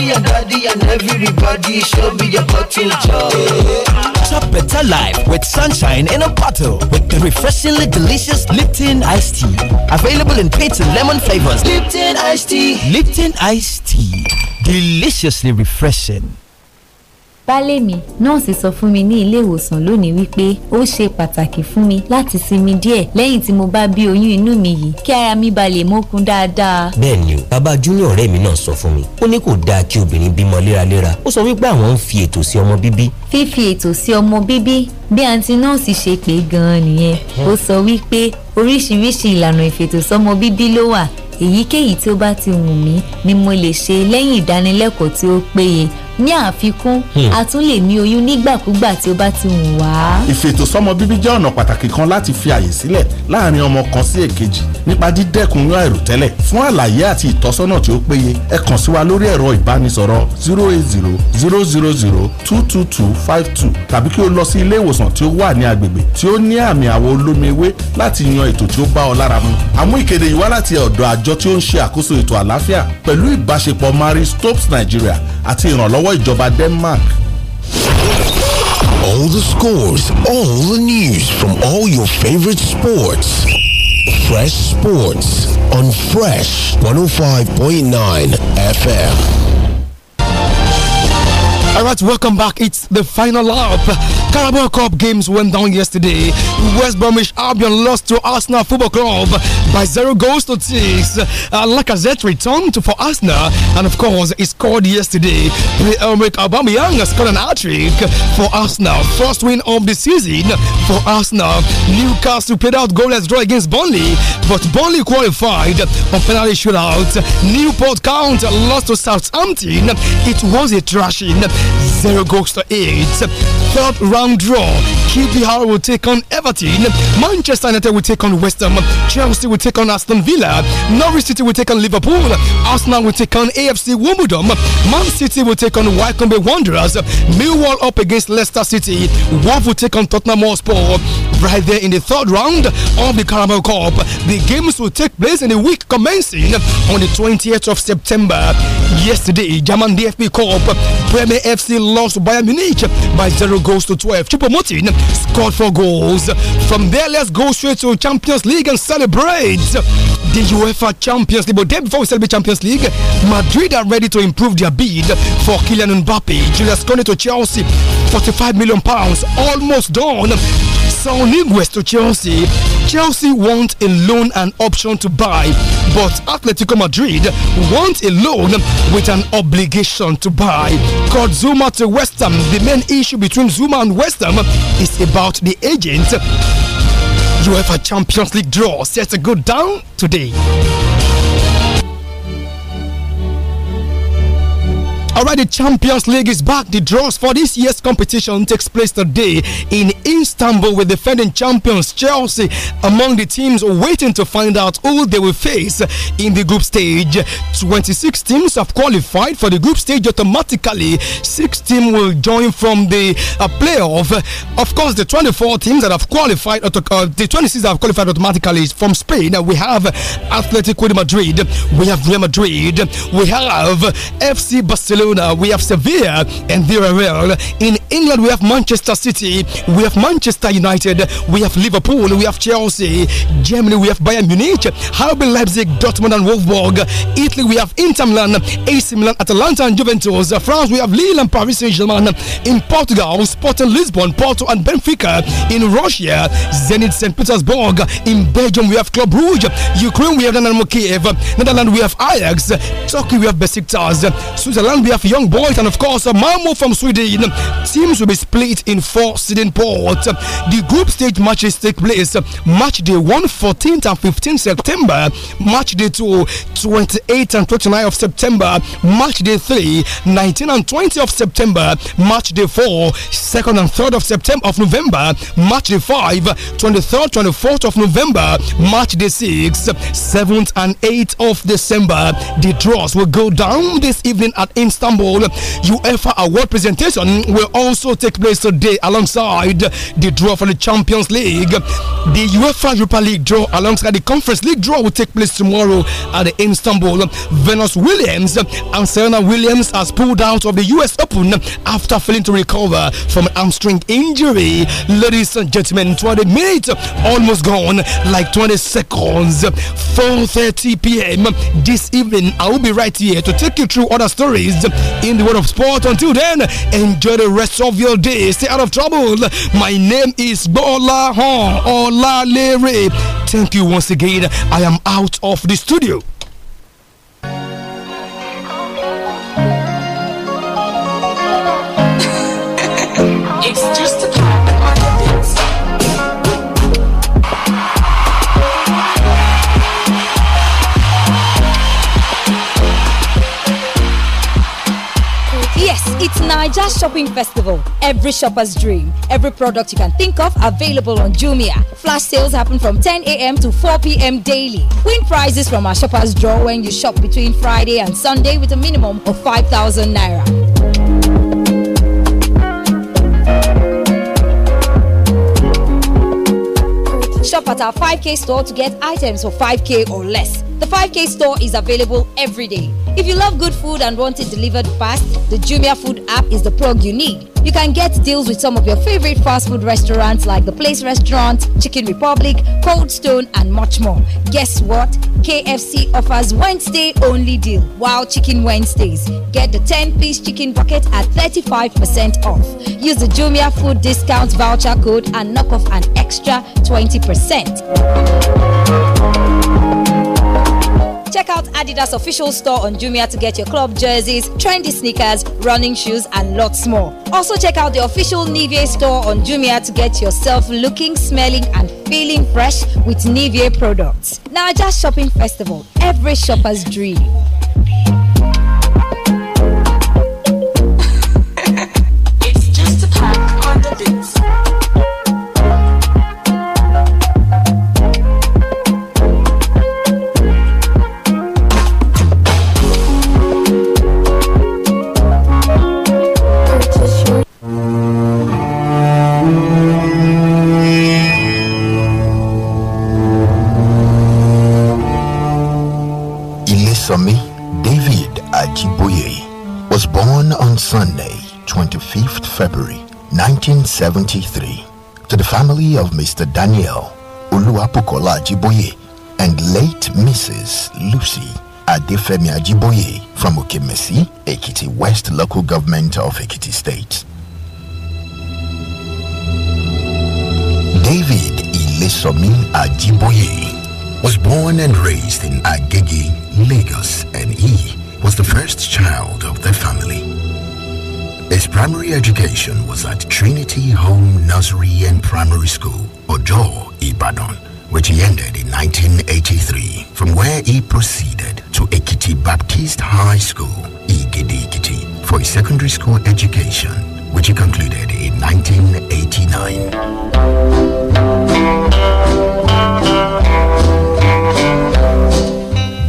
mommy and daddy and everybody show me your bottle job. Chop better life with sunshine in a bottle with the refreshingly delicious Lipton iced tea. Available in and lemon flavors. Lipton iced tea. Lipton iced tea. Deliciously refreshing. baálé mi nọ́ọ̀sì sọ fún mi ní ilé ìwòsàn lónìí wípé ó ṣe pàtàkì fún mi láti sinmi díẹ̀ lẹ́yìn tí mo bá bí oyún inú mi yìí kí ara mi ba lè mókun dáadáa. bẹ́ẹ̀ni o bàbá junior ọ̀rẹ́ mi náà sọ fún mi ó ní kò dáa kí obìnrin bímọ léraléra ó sọ wípé àwọn ń fi ètò sí ọmọ bíbí. fífi ètò sí ọmọ bíbí bí àǹtí nọ́ọ̀sì ṣe pé gan-an nìyẹn ó sọ wípé oríṣiríṣi ìlànà ìfètòsọ́mọ bíbí ló wà èyíkéyìí tí ó bá ti wù mí ni mo lè ṣe lẹ́yìn ìdánilẹ́kọ̀ọ́ tí ó péye ní àfikún hmm. a tún lè ní oyún nígbàkúgbà tí ó bá ti wù wá. ìfètòsọ́mọ bíbí jẹ́ ọ̀nà pàtàkì kan láti fi àyè sílẹ̀ láàrin ọmọ kan sí èkejì nípa dídẹ́kun oyún àìròtẹ́lẹ̀ fún àlàyé àti ìtọ́sọ́nà tí ó péye ẹ kàn sí wa lórí ẹ̀rọ ìbánisọ̀rọ̀ zero eight zero zero zero zero two two two five two tàbí kí o lọ sí ilé ìwòsàn tí ó wà ní agbègbè tí ó ní àmì àwọ̀ olómi ewé láti yan ètò tí ó bá ọ lára mu. àwọn ìkéde yìí wá láti ọ̀dọ̀ àjọ tí ó ń ṣe àkóso ètò àlàáfíà pẹ̀lú ìbáṣepọ̀ Marie Stopes Nigeria àti ìrànlọ́wọ́ ìjọba Denmark. All the scores, all the news from all your favorite sports. Fresh Sports on Fresh 105.9 FM. All right, welcome back. It's the final lap Carabao Cup games went down yesterday. West Bromwich Albion lost to Arsenal Football Club by zero goals to six. Uh, Lacazette returned to for Arsenal, and of course, he scored yesterday. Pierre-Emerick uh, Aubameyang scored an hat-trick for Arsenal. First win of the season for Arsenal. Newcastle played out goalless draw against Burnley, but Burnley qualified on penalty shootout. Newport County lost to Southampton. It was a thrashing, zero goals to eight. Third round round draw. QPR will take on Everton. Manchester United will take on West Ham. Chelsea will take on Aston Villa. Norwich City will take on Liverpool. Arsenal will take on AFC Wimbledon. Man City will take on Wycombe Wanderers. Millwall up against Leicester City. Wolf will take on Tottenham Hotspur. Right there in the third round of the Carabao Cup. The games will take place in the week commencing on the 20th of September. Yesterday, German DFB Cup, Premier FC lost Bayern Munich by 0 goals to 12. 2012. Chupomotin scored four goals. From there, let's go straight to Champions League and celebrate the UEFA Champions League. But then before we celebrate Champions League, Madrid are ready to improve their bid for Kylian Mbappe. Julius Conde to Chelsea, 45 million pounds, almost done. Son Niguez to Chelsea. Chelsea want a loan and option to buy, but Atletico Madrid want a loan with an obligation to buy. Called Zuma to West Ham. The main issue between Zuma and West Ham is about the agent. UEFA Champions League draw set to go down today. All right, the Champions League is back. The draws for this year's competition takes place today in Istanbul with defending champions Chelsea among the teams waiting to find out who they will face in the group stage. 26 teams have qualified for the group stage automatically. Six teams will join from the uh, playoff. Of course, the 24 teams that have qualified, uh, the 26 that have qualified automatically from Spain. We have Atletico Madrid, we have Real Madrid, we have FC Barcelona. Barcelona, we have Sevilla and Villarreal. In England, we have Manchester City, we have Manchester United, we have Liverpool, we have Chelsea. Germany, we have Bayern Munich, Halbe Leipzig, Dortmund, and Wolfsburg. Italy, we have Inter Milan, AC Milan, Atalanta, and Juventus. France, we have Lille and Paris Saint Germain. In Portugal, Sporting Lisbon, Porto, and Benfica. In Russia, Zenit St. Petersburg. In Belgium, we have Club Brugge. Ukraine, we have Dynamo Kiev. Netherlands, we have Ajax. Turkey, we have Besiktas. Switzerland, we have young boys and of course Malmo from Sweden. Teams will be split in four seeding pots. The group stage matches take place uh, match day 1, 14th and 15th September, match day 2, 28th and 29th of September, match day 3, 19 and 20 of September, match day 4, 2nd and 3rd of September of November, match day 5, 23rd, 24th of November, match day 6, 7th and 8th of December. The draws will go down this evening at Insta Istanbul. UEFA award presentation will also take place today alongside the draw for the Champions League. The UEFA Europa League draw alongside the Conference League draw will take place tomorrow at the Istanbul. Venus Williams and Serena Williams has pulled out of the US Open after failing to recover from an hamstring injury. Ladies and gentlemen, 20 minutes almost gone, like 20 seconds. 4:30 p.m. this evening, I will be right here to take you through other stories in the world of sport. Until then, enjoy the rest of your day. Stay out of trouble. My name is Bola Hon Olalere. Thank you once again. I am out of the studio. It's Niger Shopping Festival. Every shopper's dream. Every product you can think of available on Jumia. Flash sales happen from 10 a.m. to 4 p.m. daily. Win prizes from our shoppers draw when you shop between Friday and Sunday with a minimum of 5,000 naira. Shop at our 5K store to get items for 5K or less. The 5K store is available every day. If you love good food and want it delivered fast, the Jumia Food app is the plug you need. You can get deals with some of your favorite fast food restaurants like The Place Restaurant, Chicken Republic, Cold Stone, and much more. Guess what? KFC offers Wednesday only deal, Wow Chicken Wednesdays. Get the 10 piece chicken bucket at 35% off. Use the Jumia Food discount voucher code and knock off an extra 20%. Check out Adidas official store on Jumia to get your club jerseys, trendy sneakers, running shoes, and lots more. Also, check out the official Nivea store on Jumia to get yourself looking, smelling, and feeling fresh with Nivea products. Now, just Shopping Festival, every shopper's dream. 1973 to the family of Mr. Daniel Uluapukola Ajiboye and late Mrs. Lucy Adefemi Ajiboye from Okemesi, Ekiti West Local Government of Ekiti State. David Ilesomi Ajiboye was born and raised in Agege, Lagos, and he was the first child of their family primary education was at Trinity Home Nursery and Primary School, Ojo, Ibadan, which he ended in 1983, from where he proceeded to Ekiti Baptist High School, Igidi Ekiti, for his secondary school education, which he concluded in 1989.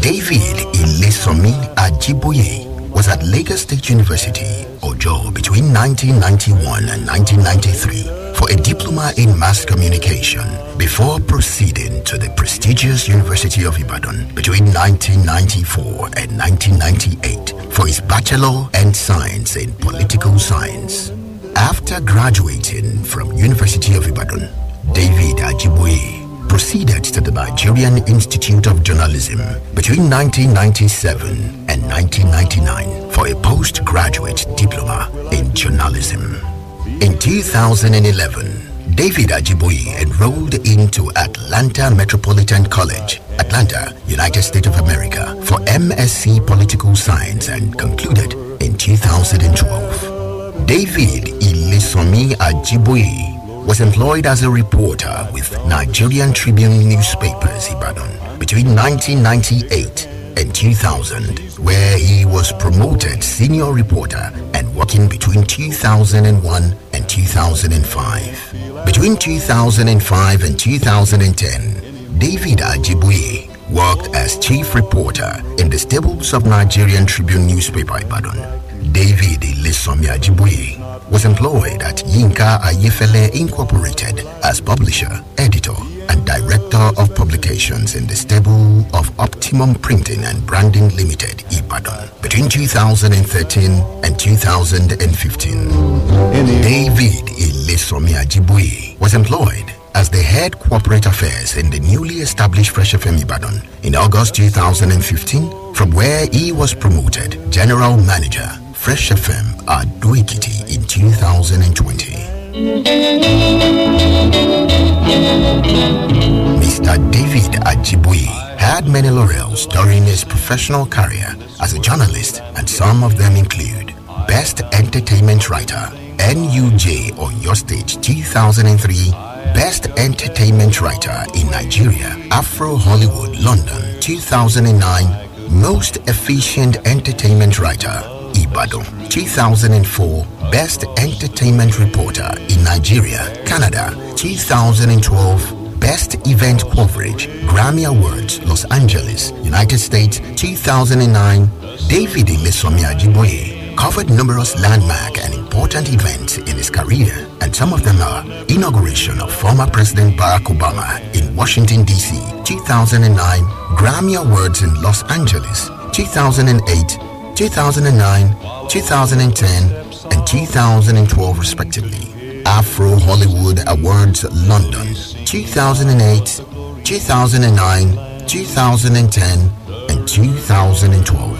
David Ilesomi Ajiboye was at Lagos State University Joe between 1991 and 1993 for a diploma in mass communication before proceeding to the prestigious University of Ibadan between 1994 and 1998 for his Bachelor and Science in Political Science. After graduating from University of Ibadan, David Ajibwe proceeded to the Nigerian Institute of Journalism between 1997 1999 for a postgraduate diploma in journalism. In 2011, David Ajiboye enrolled into Atlanta Metropolitan College, Atlanta, United States of America for MSc Political Science and concluded in 2012. David Ilisomi Ajiboye was employed as a reporter with Nigerian Tribune newspapers Ibadan between 1998 in 2000, where he was promoted senior reporter and working between 2001 and 2005. Between 2005 and 2010, David Ajibuye worked as chief reporter in the stables of Nigerian Tribune newspaper Ibadan. David Ilisomi Ajibuye was employed at Yinka Ayefele Incorporated as publisher, editor, and Director of Publications in the stable of Optimum Printing and Branding Limited, Ibadan, between 2013 and 2015. David Ilisomi Ajibui was employed as the head corporate affairs in the newly established Fresh FM Ibadan in August 2015, from where he was promoted general manager Fresh FM at Duikiti in 2020. Mr. David Ajibwe had many laurels during his professional career as a journalist, and some of them include Best Entertainment Writer, NUJ on Your Stage 2003, Best Entertainment Writer in Nigeria, Afro Hollywood, London 2009, Most Efficient Entertainment Writer, Ibadan, 2004 Best Entertainment Reporter in Nigeria, Canada, 2012 Best Event Coverage, Grammy Awards, Los Angeles, United States, 2009 David Imesomi Ajiboye covered numerous landmark and important events in his career, and some of them are inauguration of former President Barack Obama in Washington, D.C., 2009 Grammy Awards in Los Angeles, 2008 2009, 2010, and 2012 respectively. Afro Hollywood Awards London 2008, 2009, 2010, and 2012.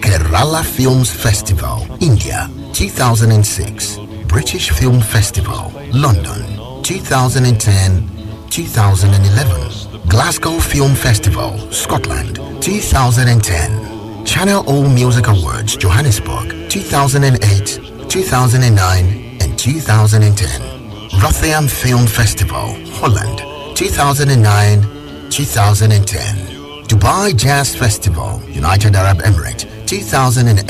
Kerala Films Festival, India 2006. British Film Festival, London 2010, 2011. Glasgow Film Festival, Scotland 2010. Channel O Music Awards Johannesburg 2008, 2009, and 2010. Rotherham Film Festival, Holland 2009, 2010. Dubai Jazz Festival, United Arab Emirates 2008.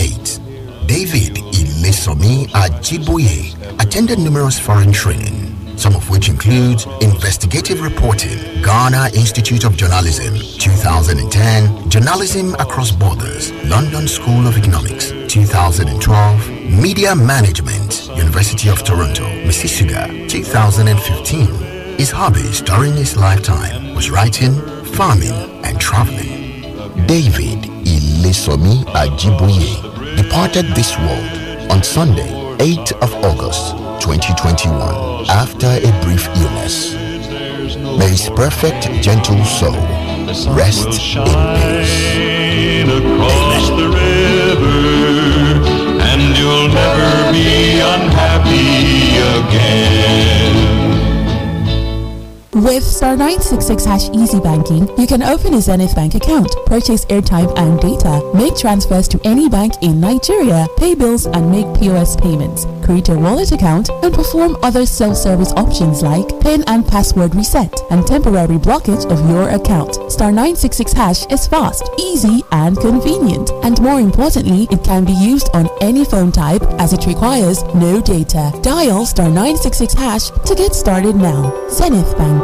David Ilesomi Ajibuye attended numerous foreign training some of which includes investigative reporting, Ghana Institute of Journalism, 2010, Journalism Across Borders, London School of Economics, 2012, Media Management, University of Toronto, Mississauga, 2015. His hobbies during his lifetime was writing, farming, and traveling. David Ilesomi Ajibuye departed this world on Sunday, 8th of August, 2021 after a brief illness. May his perfect, gentle soul rest in peace. Across the river, and you'll never be unhappy again. With star 966 hash easy banking, you can open a Zenith Bank account, purchase airtime and data, make transfers to any bank in Nigeria, pay bills and make POS payments, create a wallet account, and perform other self-service options like PIN and password reset and temporary blockage of your account. Star 966 hash is fast, easy, and convenient. And more importantly, it can be used on any phone type as it requires no data. Dial star 966 hash to get started now. Zenith Bank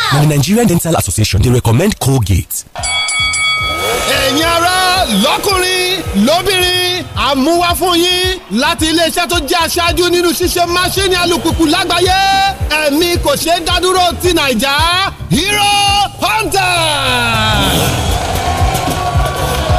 na the nigerian dental association dey recommend colgate. ẹ̀yin ará lọ́kùnrin lóbìnrin àmúwá fún yín láti iléeṣẹ́ tó jẹ́ aṣáájú nínú ṣíṣe máṣíìnì alùpùpù lágbàáyé ẹ̀mí kò ṣeé dádúró ti nàìjà hero hunter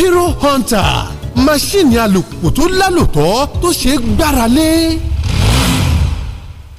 Hero Hunter máṣíìnì alùpùpù tó lálòtọ́ tó ṣeé gbára lé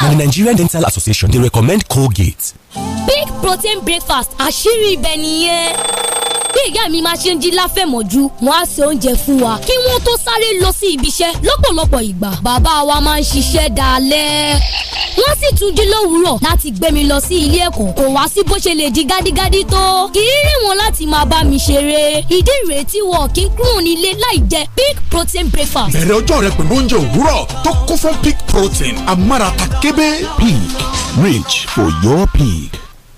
now, the Nigerian Dental Association, they recommend Colgate. Big protein breakfast, àṣírí ibẹ̀ nìyẹn. bí ìyá mi máa ṣe ń jí láfẹ̀mọ́jú wọ́n á se oúnjẹ fún wa kí wọ́n tó sáré lọ sí ibi iṣẹ́ lọ́pọ̀lọpọ̀ ìgbà bàbá wa máa ń ṣiṣẹ́ dalẹ́ wọ́n sì tún jí lówùúrọ̀ láti gbé mi lọ sí ilé ẹ̀kọ́ kò wá sí bó ṣe lè di gádígádí tó kì í rí wọn láti máa bá mi ṣeré ìdí ìrètí wọn kì í kúrò nílé láì jẹ big protein breakfast. bẹ̀rẹ̀ ọjọ́ rẹ pẹ̀lú oúnjẹ òwúrọ̀ tó kún fún big protein amárata kébé. pig rich for your pig.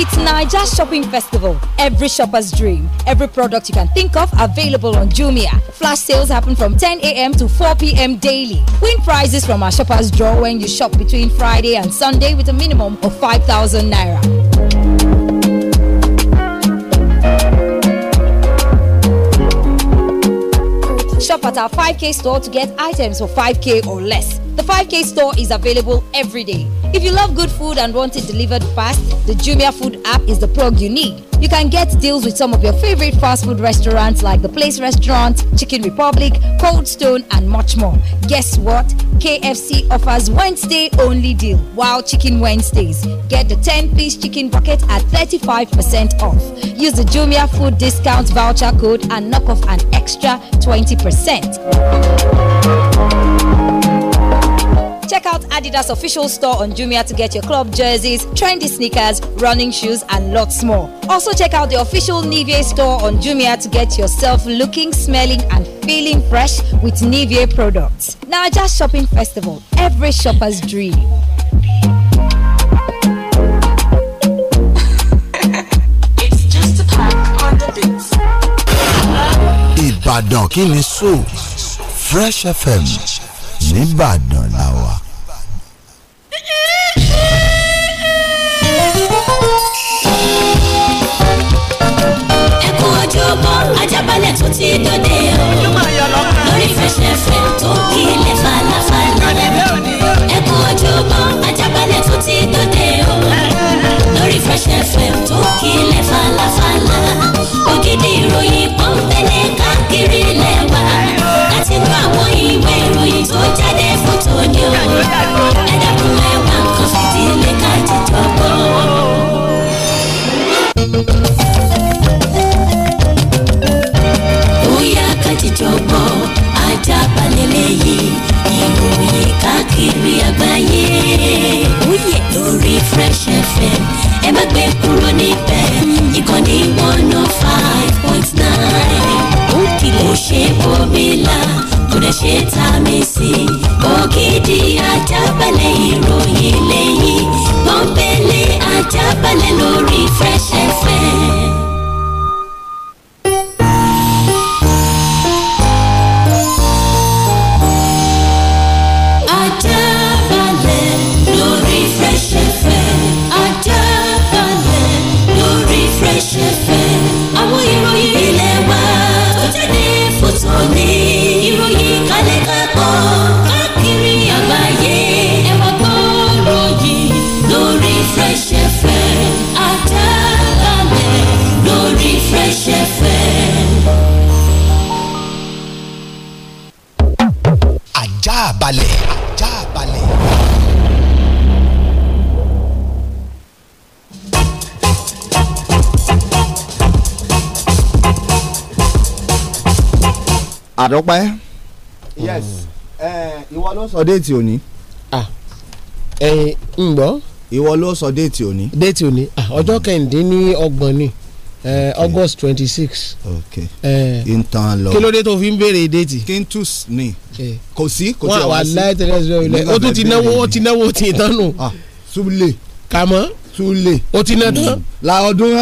It's Niger Shopping Festival. Every shopper's dream. Every product you can think of available on Jumia. Flash sales happen from 10 a.m. to 4 p.m. daily. Win prizes from our shoppers draw when you shop between Friday and Sunday with a minimum of 5,000 naira. shop at our 5K store to get items for 5K or less. The 5K store is available every day. If you love good food and want it delivered fast, the Jumia Food app is the plug you need. You can get deals with some of your favorite fast food restaurants like The Place Restaurant, Chicken Republic, Cold Stone, and much more. Guess what? KFC offers Wednesday only deal, Wow Chicken Wednesdays. Get the 10 piece chicken bucket at 35% off. Use the Jumia food discount voucher code and knock off an extra 20%. Check out Adidas official store on Jumia to get your club jerseys, trendy sneakers, running shoes, and lots more. Also, check out the official Nivea store on Jumia to get yourself looking, smelling, and feeling fresh with Nivea products. Now, just Shopping Festival, every shopper's dream. Ìbàdàn kí ni sọ Fresh FM nìbàdàn làwà. ti dòde o. lórí fẹsẹ̀fẹ̀ tó kílẹ̀ falafala. ẹkún ojúbọ ajábalẹ̀ tó ti dòde o. lórí fẹsẹ̀fẹ̀ tó kílẹ̀ falafala. ògidì ìròyìn pọ́npẹ́lẹ́ káàkiri lẹ́wà. láti gbọ́ àwọn ìwé ìròyìn tó jáde fún tòní o. Ajaabale lẹ́yìn ìròyìn káàkiri àgbáyé. lórí Fresh FM ẹ má gbé kúrò níbẹ̀ ìkànnì one oh five point nine. Ó kìlọ̀ ṣe bòmílà kò dẹ̀ ṣe tá a mi sí. Ògidì Ajaabale ìròyìn lẹ́yìn pọ́npẹ́lẹ́ Ajaabale lórí Fresh FM. àdọ́pẹ́. yes hmm. ìwọ ló sọ déètì òní. Ah. ẹyin ń ìwọ ló sọ déètì òní. déètì òní ah, ọjọ́ hmm. kẹ̀ǹdínlọ́gbọ̀n ni august twenty six. ok intan lọ. kí ló dé tó fi ń béèrè déètì. kintus ni kò sí kò tí a sí. wọn àwọn aláìtẹ̀lẹ́ ilẹ̀ ó tún ti náwó ó ti náwó ti tán nù. Ah, súlẹ̀. kàmọ́. súlẹ̀. ó ti ná tán. Hmm. la ọdún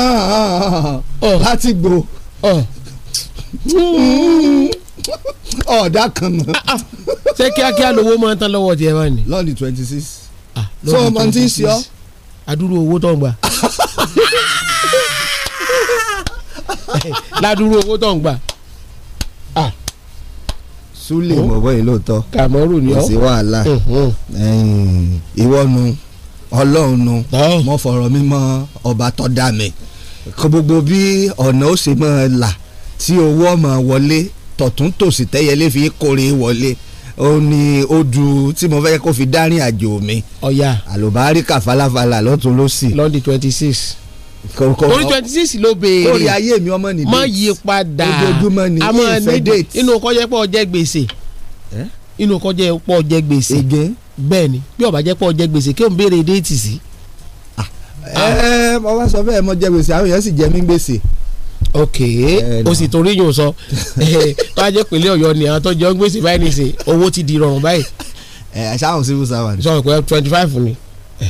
oh. láti gbò. Oh ọ̀dà kan mọ́. Ah, ah. ṣé kíákíá lówó máa ń tán lọ́wọ́ tiẹ̀ báyìí. lọ́ọ̀dì twenty six. so ah, ọmọ tí ń ṣe ọ́. adúrú owó tó ń gbà. ládùúrú owó tó ń gbà. súlè mọ̀gbọ́n yìí lóòótọ́. kàmọ́rù ni ọ́ kò sí wàhálà ìwọ nu ọlọ́run nu mo fọ̀rọ̀ mímọ́ ọba tó dá mi gbogbo bí ọ̀nà ó ṣe máa là tí owó ọmọ wọlé tọ̀tún tòsì tẹ́yẹlé fi kórè wọlé ó ní odu tí mo fẹ́ kó fi dárìn àjò mi. ọ̀ya àlùbáríkà falafala lọ́tún ló sì. lọ́ọ̀dì twenty six. orí twenty six ló béèrè orí ayé mi ọmọ nìdí. má yí padà ojoojúmọ́ ni ìfẹ́ date. inú kọjá pọ̀ jẹ́ gbèsè inú kọjá pọ̀ jẹ́ gbèsè. ege bẹ́ẹ̀ ni bí ọba jẹ́ pọ̀ jẹ́ gbèsè kí o ń béèrè déètì sí. ẹ ah. ẹ mo wá sọ bẹ́ẹ̀ mo jẹ gbèsè àwọn èèyàn sì jẹ mí gbèsè ok o sì torí yóò sọ tó a jẹ́ pẹ̀lẹ́ ọ̀yọ́ ni àwọn tó jọ ń gbèsè báyìí nìṣe owó ti di rọrùn báyìí. ẹ ṣáà wọn civil servant. sọ pé twenty five ni.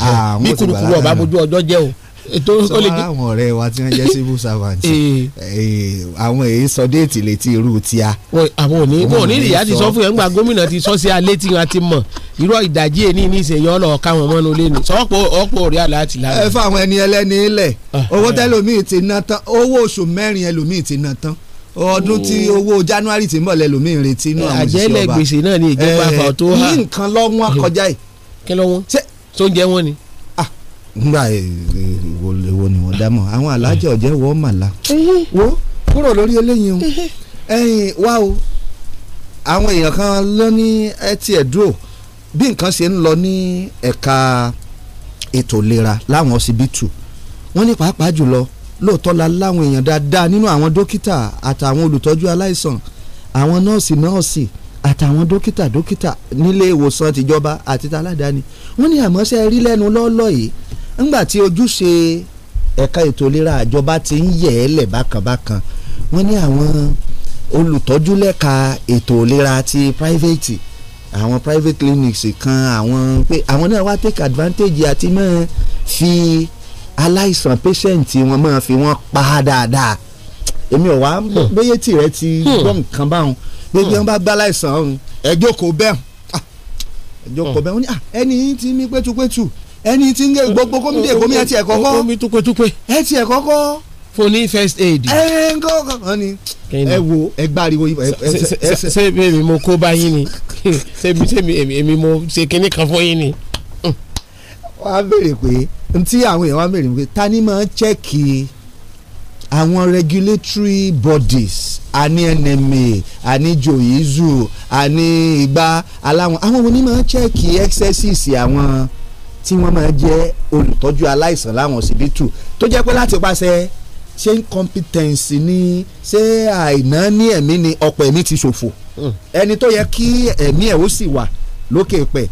Ah, bí kùrùkùrù ọba mojú ọjọ́ jẹ́ o ètò ó lè jẹ́ sọ àwọn ọ̀rẹ́ wa tí wọ́n jẹ́ civil servant eh. eh, àwọn èyí sọ déètì létí irú tíá. àwọn òní wọn òní ìyá ti sọ fún yẹn nígbà gómìnà ti sọ sí alẹ́ tí wọ́n ti mọ̀ irú ìdajì èní ní ìsẹ̀yìn ọlọ́ọ̀ káwọn mọ́nu lẹ́nu sọ́pọ̀ ọ̀pọ̀ orí aláàtì lára. ẹ fún àwọn ẹni ẹlẹ́ni ilẹ̀ ah, owó ah. tẹ́lómìn ti ná tán owó oṣù mẹ́rin ẹlòmíì ti ná tán ọdún tí oh. owó january ti ń bọ̀ lẹ́lòmíì retí inú àwọn òṣìṣẹ́ ọba àjẹ́lẹ̀ gbèsè náà ni ìjọba àfà eh, tó hà. yí nǹkan lọ́wọ́n hmm. kọjá yìí. kí lọ́wọ́n tó ń jẹ́ wọ́n ni ngbà ìwo ni wọ́n dá mọ̀ àwọn alájà ọ̀jẹ̀ wọ́n màlá wo kúrò lórí eléyìí o ẹ̀yìn wá o àwọn èèyàn kan lọ ní ẹtì ẹ̀dúró bí nǹkan ṣe ń lọ ní ẹ̀ka ètò ìlera láwọn ọsibítù wọ́n ní pàápàá jùlọ lóòótọ́ la láwọn èèyàn dáadáa nínú àwọn dókítà àtàwọn olùtọ́jú aláìsàn àwọn nọ́ọ̀sì nọ́ọ̀sì àtàwọn dókítà dókítà nílé ìwòsàn tìjọba àti tàládàáni wọ́n ní àmọ́ṣẹ́ rí lẹ́nu lọ́ọ́lọ́ yìí ńgbà tí ojúṣe ẹ̀ka ètò ìlera àjọba ti ń yẹ̀ ẹ́ lẹ̀ bákanbákan wọ́n ní àwọn olùtọ́jú lẹ́ka ètò ìlera ti private àwọn private clinics kan àwọn pé àwọn náà wá take advantage àti máa fi aláìsàn patient wọn máa fi wọn pa dáadáa èmi ò wá hmm. bóyá tìrẹ ti hmm. gbọ́ nǹkan báwọn gbogbo hmm. wọn bá gbá aláìsàn ọ̀hún ẹ jókòó bẹ́ẹ̀ ah, ẹ jókòó bẹ́ẹ̀ wọ́n ní ah, ẹni yìí ti mí pétúpétù ẹni tí ń gé gbogbo kó mi dé kó mi ẹ tiẹ̀ kọ́kọ́. omi túpe túpe. ẹ tiẹ̀ kọ́kọ́. foni first aid. ẹ ń kọ́ kọ́ ni ẹ wo ẹ gbáriwo ẹ ẹ ṣe. ṣé èmi mo kó bá yín ni ṣé èmi mo ṣe kinní kan fún yín ni. Mm. wọ́n á béèrè pé ntí àwọn èèyàn wá béèrè pé ta ni máa ń chẹ́kì àwọn regulatory bodies àní NMA àní joyizu àní igba aláwọn àwọn onímọ̀ chẹ́kì excesses àwọn. Si tí wọ́n máa jẹ́ olùtọ́jú aláìsàn láwọn ọsibítù tó jẹ́ pé láti pàṣẹ ṣé incompetency ni ṣé àìná ní ẹ̀mí ni ọ̀pọ̀ ẹ̀mí ti ṣòfò hmm. ẹni tó yẹ kí ẹ̀mí ẹ̀ ó sì wà lókè pẹ̀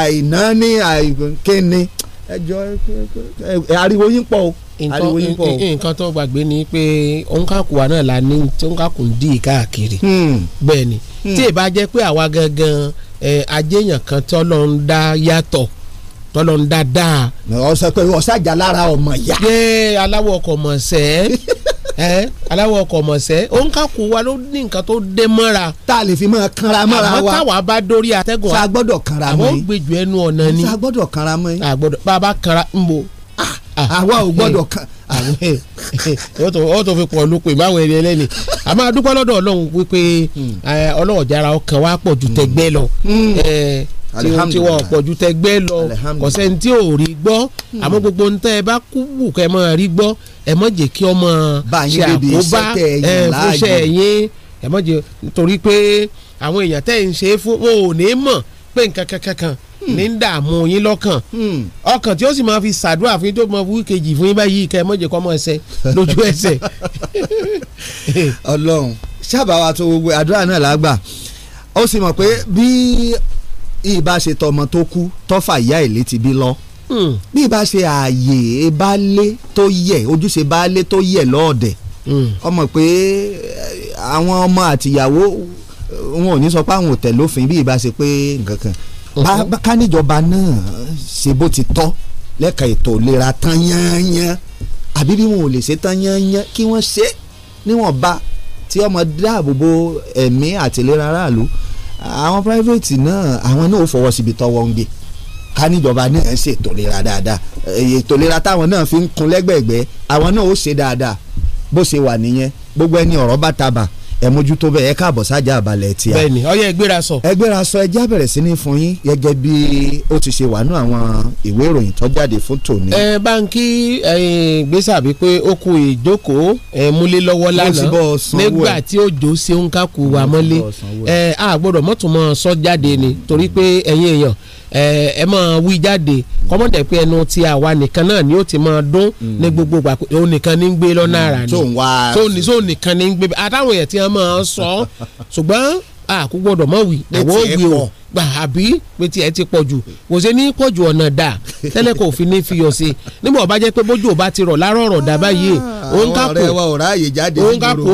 àìná ní àìkéni ẹjọ ariwo yín pọ̀ o ariwo yín pọ̀ o. nǹkan tó gbàgbé ni pé òǹkàkùn náà la ní tí òǹkàkùn ń dì káàkiri hmm. bẹ́ẹ̀ ni hmm. tí ì bá jẹ́ pé àwa gangan ajéèyàn kan tí Ọlọ́run dá yàtọ̀ tọ́lọ́n dáadáa. ọ̀sẹ̀ pé ọ̀sàjà lára ọmọ ya ṣé aláwọ̀ ọkọ̀ mọ̀ sẹ́ ẹ aláwọ̀ ọkọ̀ mọ̀ sẹ́ wa ló ní nǹkan tó dé mọ́ra. tá a lè fi máa kanra mọ́ra wa àmọ́ táwa bá dórí àtẹ́gùn. sa gbọ́dọ̀ kanra mọ́ yìí àwọn ẹnu ọ̀nà ni. sa gbọ́dọ̀ kanra mọ́ a kanra ń bo. àwa ò gbọ́dọ̀ kan. Ah, tó fi pọ̀ ló pè máwọn ẹni ẹlẹ́ni lọ́dọ̀ ọlọ́run wípé hmm. jára ọkàn wa hmm. tí wọn pọ̀ ju tẹgbẹ́ lọ kọ̀sẹ́ ní tí ò rí gbọ́ hmm. àmọ́ gbogbo ní tẹ́ ẹ bá kú wù kẹ́ ẹ máa rí gbọ́ ẹ má jẹ́ kí ọmọ ṣe àkóbá ẹ fúnṣẹ́ yín ẹ má jẹ́ nítorí pé àwọn èèyàn tẹ́ ẹ ń ṣe é fún wọn ò ní mọ̀ pé nǹkan kankan kan hmm. ní ń dààmú yín lọ́kàn hmm. ọkàn tí ó sì máa fi ṣàdúrà fún yín tó máa wí kejì fún yín báyìí kẹ́ ẹ má jẹ́ kọ́ ọmọ ẹsẹ̀ lójú ẹsẹ̀. Ọlọ́run sábà wa tó gbogbo àdúrà náà lágbà ó sì mọ̀ pé bí ìbá ṣe tọmọ tó kú tọ́fà ìyá ẹ̀ létí bí lọ hmm. bí ìbá ṣe ààyè baálé tó yẹ ojúṣe baálé tó yẹ lọ́ọ̀dẹ̀ ọmọ hmm. pé eh, àwọn ọmọ àtìyàwó wọn ò ní sọ pé àwọn ò tẹ̀ lófin bí ìbá ṣe pé nǹkan kan hmm. bá níjọba náà ṣe bó ti tọ́ lẹ́ka ètò ìlera tán yányán àbí bí wọn ò lè ṣe tán yányán kí wọ́n ṣe níwọ̀nba tí ọmọ dáàbò bo ẹ̀mí àtìlera aráàlú àwọn private náà àwọn náà ò fọwọ́ síbi tọ́wọ́ ń gbé ká níjọba náà ṣe ìtòlera dáadáa ìtòlera táwọn náà fi ń kun lẹ́gbẹ̀ẹ́gbẹ́ àwọn náà ó ṣe dáadáa bó ṣe wà nìyẹn gbogbo ẹni ọ̀rọ̀ bá tabà ẹ mójútó bẹ́ẹ̀ ẹ káàbọ̀ sájà àbálẹ̀ tí a. bẹ́ẹ̀ni ọyẹ ẹgbẹ́ra sọ. ẹgbẹ́ra sọ ẹjẹ́ àbẹ̀rẹ̀ sí ní fún yín gẹ́gẹ́ bí ó ti ṣe wà ní àwọn ìwé ìròyìn tó jáde fún tòní. ẹ báńkì gbèsè àbí pé ó ku ìjókòó ẹ múlé lọ́wọ́ lánàá nígbà tí òjò ṣe ń kákù wà mọ́lé ẹ a gbọ́dọ̀ mọ́tò sọ jáde ni torí pé ẹ̀yin èèyàn ẹ máa wí jáde kọ́mọ̀dé pé ẹnu ti àwa nìkan náà ni ó ti máa dún ní mm. gbogbo ìgbà pé òun nìkan ní ń gbé lọ́nà mm. ara ni tó nìkan ní ń gbé àtàwọn èèyàn tí wọ́n máa sọ ṣùgbọ́n àkúgbọ́dọ̀ mọ̀ wí ẹ̀wọ́ wí o gbà àbí pé tiẹ̀ ti pọ̀ jù kò ṣe ní pọ̀ jù ọ̀nà dà tẹ́lẹ̀ kò fi ní fi yọ̀ sí nígbà ọba jẹ́ pé bójú ọba ti rọ̀ lárọ̀ rọ̀ dà báyìí òun ká kó òun ká kó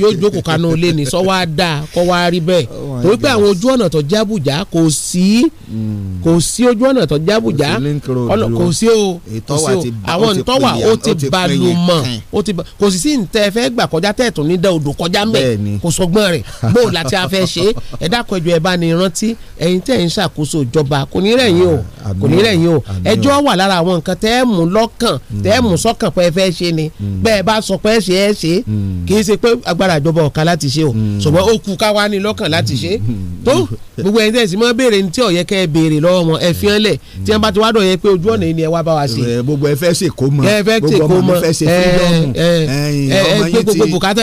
yóò jókòó kanú ilé ní sọ wá dà kọ́ wá rí bẹ́ẹ̀ oh torí pé àwọn ojú ọ̀nà tó jábùjá kò sí hmm. kò sí ojú ọ̀nà tó jábùjá kò sí o àwọn ntọ́wà ó ti balùmọ̀ kò sì sí ntẹ́ fẹ́ gbà kọjá tẹ̀tún ní dẹ́ odò kọjá mẹ́ kò sọgbọ́n rẹ̀ bóòlù àti afẹ́ ṣe ẹ̀dá kọjọ ẹ̀ bá ní rántí ẹ̀yin tẹ́ ń ṣàkóso ìjọba kò ní rẹ̀yìn o ah, kò ní rẹ̀yìn o ẹjọ́ wà lára àwọn nǹkan tẹ́ ẹ̀ mú lọ́kàn hmm. tẹ́ ẹ̀ mú sọ́kàn pé ẹ fẹ́ ṣe ni hmm. bẹ́ẹ̀ bá sọ pé ẹ ṣe ẹ ṣe hmm. kì í ṣe pé agbára ìjọba ọ̀ka láti ṣe o ṣùgbọ́n ó kú ká wá ní lọ́kàn láti ṣe tó gbogbo ẹ̀yin tẹ́ ẹ̀ sì mọ́ béèrè ní tí ó kẹ́ ẹ béèrè lọ́wọ́ wọn ẹ fián ni ẹ wá bá wa ṣe. Eh, gbogbo ẹ fẹ́ ṣe kó mọ gbogbo ọmọ fẹ́ ṣe fídọ́ọ̀mù eh,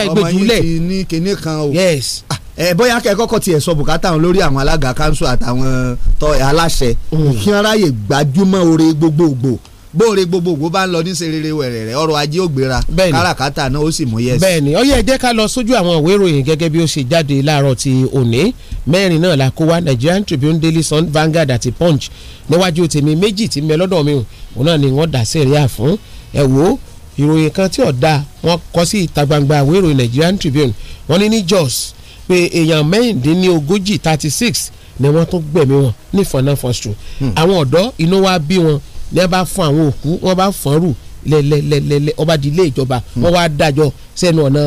eh, ẹ̀yìn ẹ bóyá kẹ kọ́kọ́ tiẹ̀ sọ bùkátà wọn lórí àwọn alága kanṣu àtàwọn tọ aláṣẹ mm. kí wọn ráyè gbajúmọ̀ oore gbogbogbò bóore gbogbogbò bá ń lọ níṣẹ́ rere wẹ̀rẹ̀ rẹ̀ ọrọ̀ ajé ò gbéra káràkátà náà ó sì mú yẹ́sì. bẹ́ẹ̀ni ó yẹ jẹ́ ká lọ sójú àwọn ìwé ìròyìn gẹ́gẹ́ bí ó ṣe jáde láàárọ̀ ti òní mẹ́rin náà la kó wa Nigerian Tribune Daily Sun Vanguard àti Punch níwájú tèmi méjì tí ń bẹ lọ́dọ̀ mi òun náà ni wọ́n dà sẹ́ríà fún ẹ wò ó ìròyìn kan tí ọ̀dà wọn kọ sí ìta gbangba ìwé ìròyìn Nigerian Tribune wọ́n ní ní Jos pé èèyàn mẹ́rìndínlógójì thirty six ni wọ́n tún gbẹ̀mí wọn ní fọnáfọ́sù hmm. àwọn ọ̀dọ́ inú wa bí wọn ní wọ́n bá fún àwọn òkú wọ́n bá fọ́n rù lẹ́lẹ́lẹ́lẹ́ ọba di ìjọba hmm. wọ́n wá dájọ́ sẹ́nu ọ̀nà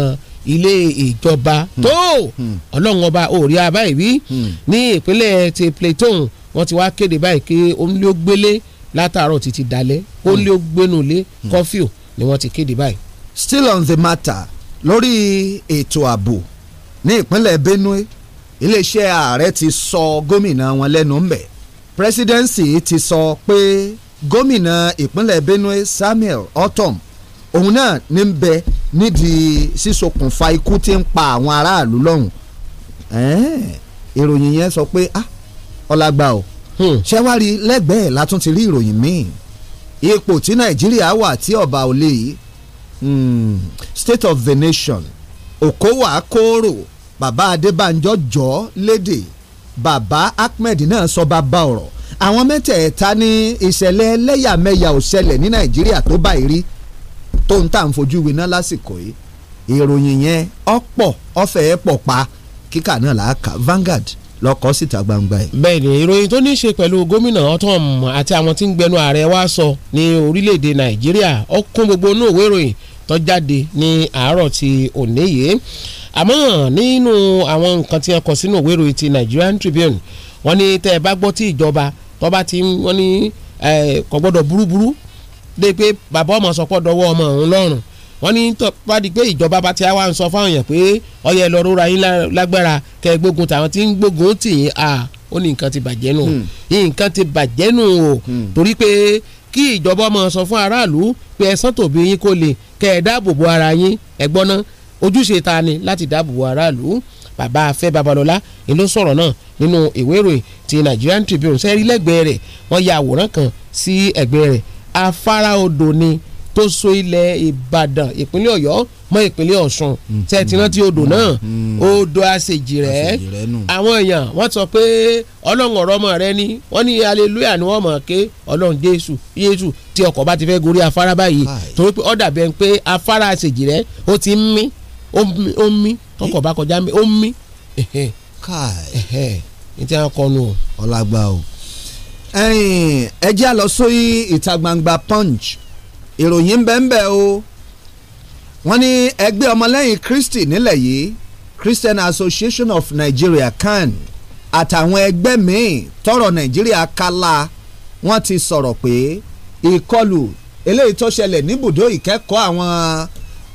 ilé ìjọba hmm. tó ọlọ́run ọba òòrí abáyé wí ní ìpínlẹ̀ ti Plateau wọ́n ti wá kéde báyìí pé onílé látàárọ̀ títí dalẹ̀ onílé kọ́fíò ni wọ́n ti kéde báyìí. still on the matter lórí ètò ààbò ní ìpínlẹ̀ Benue iléeṣẹ́ ààrẹ ti sọ gómìnà wọn lẹ́nu ńbẹ̀ presidency ti sọ pé gómìnà ìpínlẹ̀ Benue Samuel Ortom òun náà ní ń bẹ nídìí sísokùnfà ikú tí ń pa àwọn aráàlú lọ́hùn ìròyìn yẹn sọ pé ah ọlágbá o hmm. ṣẹ́wárí lẹ́gbẹ̀ẹ́ látún ti rí ìròyìn míì ipò tí Nàìjíríà wà tí ọba ò lè yìí hmm, state of the nation Okowa kóró bàbá Adébánjọ jọ lédè bàbá Ahmed náà sọ bàbá ọ̀rọ̀ àwọn mẹ́tẹ̀ẹ̀ta ní ìṣẹ̀lẹ̀ ẹlẹ́yàmẹ̀yà ò ṣẹlẹ̀ ní Nàìjíríà tó báyìí rí tó ń tà ń fojú winá lásìkò yìí ìròyìn yẹn ọ̀pọ̀ ọ̀fẹ́ pọ̀ pa kíkà náà là á Vanguard lọkọ síta gbangba ẹ. bẹ́ẹ̀ni ìròyìn tó ní í ṣe pẹ̀lú gómìnà ọtọm àti àwọn tí ń gbẹnu ààrẹ wa sọ ní orílẹ̀-èdè Nàìjíríà ó gbogbo inú òwe ìròyìn tó jáde ní àárọ̀ ti òní yìí àmọ́ nínú àwọn nǹkan tí wọ́n kọ sínú òwe ìròyìn ti Nigerian Tribune wọ́n ní tẹ́ ẹ bá gbọ́ tí ìjọba tó bá ti wọ́n ní kò gbọ́dọ̀ burúburú dé pé bàbá ọmọ sọpọ́ dọwọ́ ọmọ òun lọ́rùn wọ́n ní tó bá di pé ìjọba bá ti wá ń sọ fáwọn èèyàn pé ọyẹ lọ rọra yín lágbára kẹ gbógun tàwọn tí ń gbógun tì yín à ó ní nǹkan ti bàjẹ́ nù hmm. nǹkan ti bàjẹ́ nù o hmm. torí pé kí ìjọba ọmọ sọ fún aráàlú pé ẹ̀san tòbí yín kó le kẹ́ ẹ dáàbò bo ara yín ẹ̀gbọ́n náà ojúṣe ta ni láti dáàbò bo aráàlú bàbá Afẹ́ Babalọ́lá ni ló sọ̀rọ̀ náà nínú ìwé ìròyìn ti Nigerian Tribune sẹ́rí lẹ́gbẹ̀ẹ́ rẹ̀ wọ́n ya àwòrán kan sí ẹ̀gbẹ́ rẹ̀ afárá odò ni tó so ilẹ̀ ìbàdàn ìpínlẹ̀ ọ̀yọ́ mọ́ ìpínlẹ̀ ọ̀ṣun tẹ́ hmm. ti odò náà hmm. Hmm. odò àṣejì rẹ̀ àwọn èèyàn wọ́n sọ pé ọlọ́run ọ̀rọ̀ ọmọ rẹ ni wọ́n ní hallelujah ni wọ́n mọ̀ ké ọlọ́run jésù jésù tí ọkọ̀ bá ti fẹ́ gorí afárá báyìí torí pé ó bẹ́ẹ̀ pé afárá àṣejì rẹ̀ ó ti ń mí ó ń mí ọkọ̀ bá kọjá ó ń mí. káì ní tí wọ́n kọnu o. ọlágbá o ẹ jẹ́ àlọ́ sórí ìta gbangba punch ìròyìn ń bẹ́ẹ̀ bẹ́ẹ̀ o wọ́n ní ẹgbẹ́ ọmọlẹ́yìn Kristi nílẹ̀ yìí Christian Association of Nigeria CAN àtàwọn ẹgbẹ́ míì tọrọ Nàìjíríà kálá wọ́n ti sọ̀rọ̀ pé ìkọlù eléyìí tó ṣẹlẹ̀ níbùdó ìkẹ́kọ̀ọ́ àwọn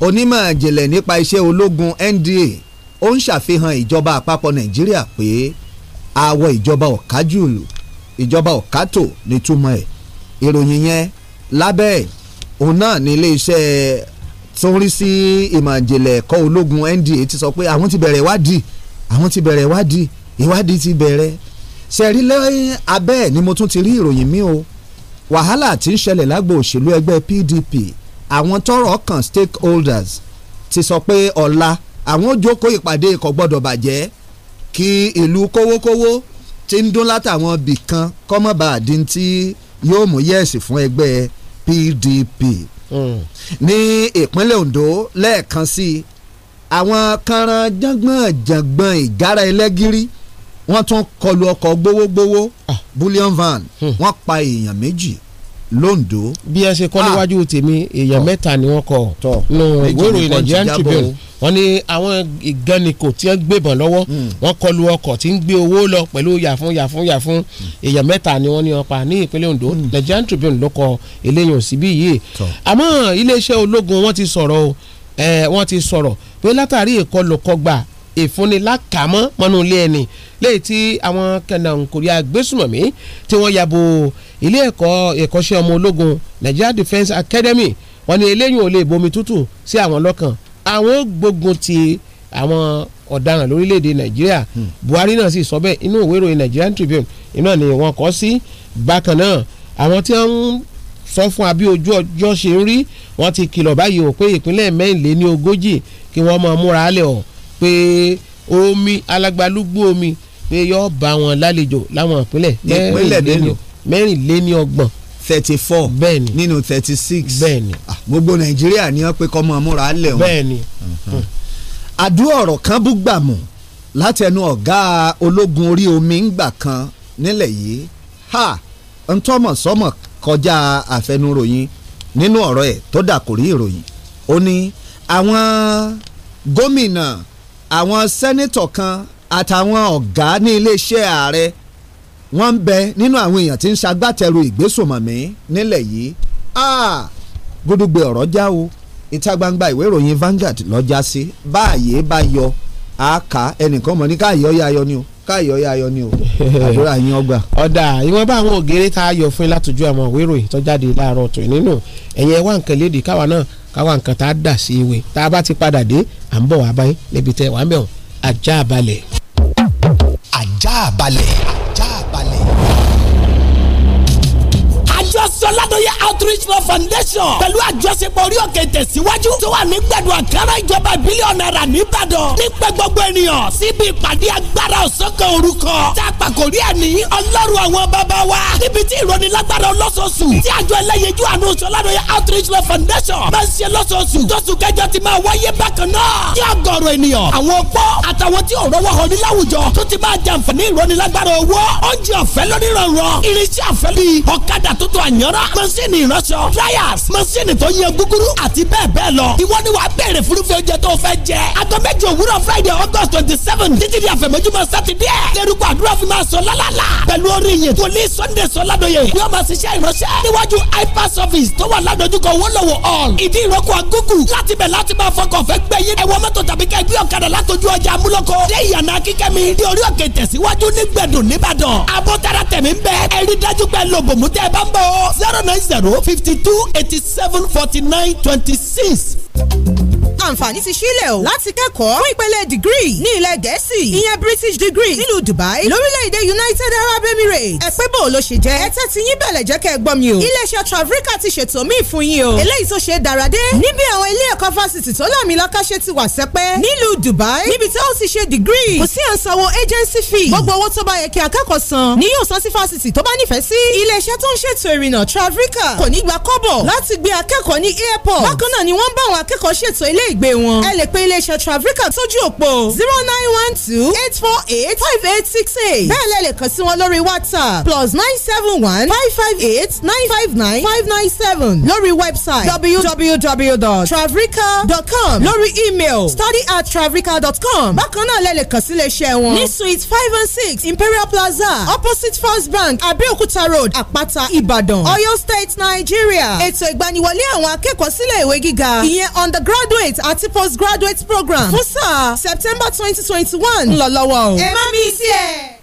onímọ̀ ìjìnlẹ̀ nípa iṣẹ́ ológun NDA ó ń ṣàfihàn ìjọba àpapọ̀ Nàìjíríà pé àwọ̀ ìjọba ọ̀kájùlù ìjọba ọ̀kátò nítumọ̀ ẹ̀ ìròyìn yẹn lábẹ́ ẹ̀ òun náà ní iléeṣẹ́ tó ń rí sí ìmọ̀ ìjìnlẹ̀ ẹ̀kọ́ ológun NDA ti sọ pé àwọn ti bẹ̀rẹ̀ ìwádìí àwọn ti bẹ̀rẹ̀ ìwádìí ìwádìí ti bẹ̀rẹ̀ ṣẹ̀rí lẹ́yìn abẹ́ ni mo tún ti rí ìròyìn mi o wàhálà tí ń ṣẹlẹ̀ lágbo òṣèlú ẹgbẹ́ PDP àwọn tọ́rọ̀ kàn stakeholders ti sọ pé ọ̀la àwọn jókòó ìpàdé kò gbọ́dọ̀ bàjẹ́ kí ìlú kówókówó ti ń dún látàwọn bìkan kọ́mọ́bà àdín tí yóò mú yẹ̀sì fún ẹgbẹ́ PDP PDP hmm. ní ìpínlẹ̀ Ondo lẹ́ẹ̀kan sí i àwọn kanran jàngbọ̀n jàngbọ̀n ìgára ẹlẹ́gìrì wọ́n tún kọlu ọkọ̀ gbowógbowó ah. bullion van hmm. wọ́n pa èèyàn méjì londo. bí ẹ ṣe kọ́ ah. níwájú tèmi èèyàn mẹ́ta ni wọ́n kọ́ nù wérò Nigerian Tribune wọ́n ní àwọn ìgànnìkò tí wọ́n gbébọn lọ́wọ́ hmm. wọ́n kọlu ọkọ̀ tí ń gbé owó lọ pẹ̀lú yàfún yàfún yàfún hmm. èèyàn mẹ́ta ni wọ́n ní wọ́n pa ní ìpínlẹ̀ Ondo hmm. Nigerian Tribune ló kọ eléyìí òsínbí yìí àmọ́ iléeṣẹ́ ológun wọ́n ti sọ̀rọ̀ o wọ́n ti sọ̀rọ̀ pé látàrí ìkọlù kọgbà ìfúnnilákàmọ́ mọ́nú ilé ẹni léyìí tí àwọn kànáńkòrí agbésùmọ̀mí tí wọ́n yabo ilé ẹ̀kọ́ ẹ̀kọ́ṣẹ́ ọmọ ológun Nigeria Defence Academy wọ́n ní eléyìí ò lè bomi tútù sí àwọn lọ́kàn àwọn gbógun ti àwọn ọ̀daràn lórílẹ̀‐èdè Nàìjíríà hmm. Buhari náà sì sọ bẹ́ẹ̀ inú ìwé ìròyìn Nigerian Tribune iná ni wọ́n kọ́ sí bákan náà àwọn tí wọ́n ń sọ fún abí ojú ọjọ́ ṣe ń rí wọ́n ti kìlọ̀ báyìí ò pé ìpínlẹ̀ mẹ́rìnléní ogójì kí wọ́n máa múra lẹ̀ pé omi alágbálúgbú omi pé yóò bá wọn lálejò láwọn ìpínlẹ̀ mẹ́rìnléníọgbọ̀n thirty four bẹ́ẹ̀ni nínú thirty six bẹ́ẹ̀ni ah, gbogbo nàìjíríà ni wọ́n pe kọ́ mọ́ múra lẹ̀ wọn. bẹ́ẹ̀ni. àdúrà ọ̀rọ̀ kan bú gbàmù láti ẹnu ọ̀gá ológun orí omi ńgbà kan nílẹ̀ yìí ha ntọ́mọ̀ sọ́mọ̀ kọjá àfẹnuròyìn nínú ọ̀rọ̀ ẹ̀ tó dà kò rí ìròyìn ó ní àwọn gómìnà àwọn sẹ́nítọ̀ kan àtàwọn ọ̀gá ní iléeṣẹ́ ààrẹ wọ́n ń bẹ nínú àwọn èèyàn tí ń ṣagbátẹrù ìgbésùnmọ̀mí nílẹ̀ yìí ah, gúdúgbẹ ọ̀rọ̀ já o ìta gbangba ìwé ìròyìn Vanguard lọ́jà sí báàyè bá yọ àáká ẹnìkan mọ̀ ní káàyè ọ̀yà ayọ̀ ni o káyọ̀ yá yọ ni o àdúrà yín ọgbà. ọ̀dà ìwọ̀nba àwọn ògèrè tá a yọ fún yín látọjú àwọn òwe ìròyìn tó jáde láàárọ̀ tó nínú ẹ̀yẹ wá nǹkan léde káwa náà káwa nǹkan tá a dà sí ewé tá a bá ti padà dé à ń bọ̀ wá báyìí níbi tẹ́ wàá mẹ́wọ̀n ajá balẹ̀. ajá balẹ̀. precious sọládọ́yẹ outreach for foundation pẹ̀lú àjọṣepọ̀ orí òkè tẹ̀síwájú tó wà ní gbẹ̀dọ̀ àkàrà ìjọba bílíọ̀nù náírà nìbàdàn nípẹ́ gbogbo ènìyàn síbi ìpàdé agbára òsókè orúkọ tá a pàkórí ẹ̀ ní ọlọ́run àwọn bàbá wa níbi tí ìrọ̀nilágbára olóṣooṣù tí àjọ ẹlẹ́yinjú àánú sọládọ́yẹ outreach for foundation máa ń ṣe lóṣooṣù tóṣù kẹjọ ti máa wáyé bákan náà ní ọgọ́rọ̀ ènìyàn àwọn pọ́ àtàwọn tí ò rọwọ́ hàn ní láwùjọ tó ti máa jàǹfààní ìrọ̀nilágbára owó oúnjẹ ọ̀fẹ́ lónìí rọrùn irinṣẹ́ ọ̀fẹ́ bíi ọ̀kadà tuntun àyànrá mọ́síìnì ìránṣọ fryers mọ́síìnì tó yan gúgúrú àti bẹ́ẹ̀ bẹ́ẹ̀ lọ ìwọ ni wàá béèrè fúrufú oúnjẹ tó fẹ́ jẹ àtọ́ méjì òwúrọ̀ friday august twenty seven títí di àfẹ̀mọ́júmọ́ sátidé lẹ́rùkọ àdúrà fi máa sọ lálàlà pẹ̀lú orí yẹn wòlí sunday sọ ládòye yóò máa ṣiṣẹ́ ìránṣẹ́ níwájú ipa service tó wà ládojúkọ wọ́lọ́wọ́ all ìdí ìrọ́kọ̀ àgùkù láti bẹ̀ láti máa fọkàn fẹ́ gbẹ̀yìn ẹ̀wọ̀n mọ́tò tàbí kẹ́ gbé ọ̀kadà látọjú ọjà amúlọ́kọ dé ìyànà akíkẹ́mi di orí òkè tẹ̀síwájú nígbẹ̀dùn níbàdàn abọ́tara tẹ̀mí ń bẹ ẹ̀rí dájú pé lòbòmù tẹ́ ẹ bá ń bọ̀ zero nine zero fifty two eighty seven forty nine twenty six àǹfààní ti sílẹ̀ o láti kẹ́kọ̀ọ́ fún ìpele degree ní ilẹ̀ gẹ̀ẹ́sì ìyẹn british degree nílùú dubai lórílẹ̀‐èdè united arab emirates ẹ pé bò ló ṣe jẹ́ ẹ tẹ́tí yín bẹ̀lẹ̀ jẹ́ kẹ́ ẹ gbọ́ mi o iléeṣẹ́ travrica ti ṣètò míì fún yín o eléyìí tó ṣe dáradé níbi àwọn ilé ẹ̀kọ́ fásitì tó láàmì lọ́kàṣe ti wà sẹ́pẹ́ nílùú dubai níbi tí ó ti ṣe degree kò sí àǹsanwó agency fee gbogbo owó tó bá yẹ kí akẹ́kọ̀ọ́ san ni yóò san sí fásitì tó bá nífẹ̀ẹ́ sí iléeṣẹ́ tó ń ṣètò ìrìnnà travrica kò ní gba kọ́bọ̀ láti gbé akẹ́kọ̀ọ́ ní airport bákan náà ni wọ́n ń bá àwọn akẹ́kọ̀ọ́ ṣètò ilé ìgbé wọn ẹ lè pe iléeṣẹ́ Travrica sójú òpó zero nine one two eight four eight five eight six eight bẹ́ẹ̀ lẹ́ lè kàn sí wọn lórí WhatsApp plus nine seven one five five eight nine five nine five nine seven lórí website www.travrica.com lórí email study at travrica.com bákan náà lẹ́ lè kàn sí iléeṣẹ́ wọn ní suite five and six Imperial Plaza opposite First Bank Abeokuta Road Àpáta Ìbàdàn Oyo State Nigeria ètò ìgbaniwọlé àwọn akẹ́kọ̀ọ́ sílé ìwé gíga ìyẹn undergraduate àti postgraduate program fún sáà september twenty twenty one ńlọ lọ́wọ́ o. ẹ má mi sí ẹ.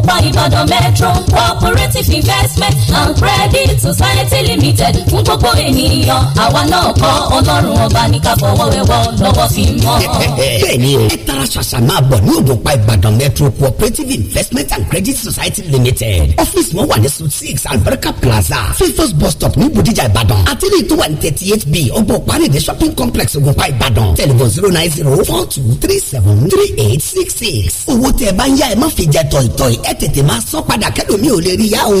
ògùnpá ìbàdàn metro cooperative investment and credit society limited fún gbogbo ènìyàn àwa náà kọ́ ọlọ́run ọba ní ká fọwọ́ wẹ́wọ́ lọ́wọ́ fi mọ́. bẹ́ẹ̀ni o ẹ tara ṣaṣa máa bọ̀ ní ògùnpá ìbàdàn metro cooperative investment and credit society limited ọ́fíìsì wọn wà ní suite six alberca plaza fifos bus stop ní bòdìjà ìbàdàn àti ní ìtọ́wà ní thirty eight b ọgbọ̀n paríde shopping complex ògùnpá ìbàdàn telephone zero nine zero four two three seven three eight six six owó tẹ ẹ bá ń yá ẹ má fi jẹ tọ̀ìtọ̀ì ẹ ẹ tètè máa sọ padà kẹ́lòmí ò lè rí yá o.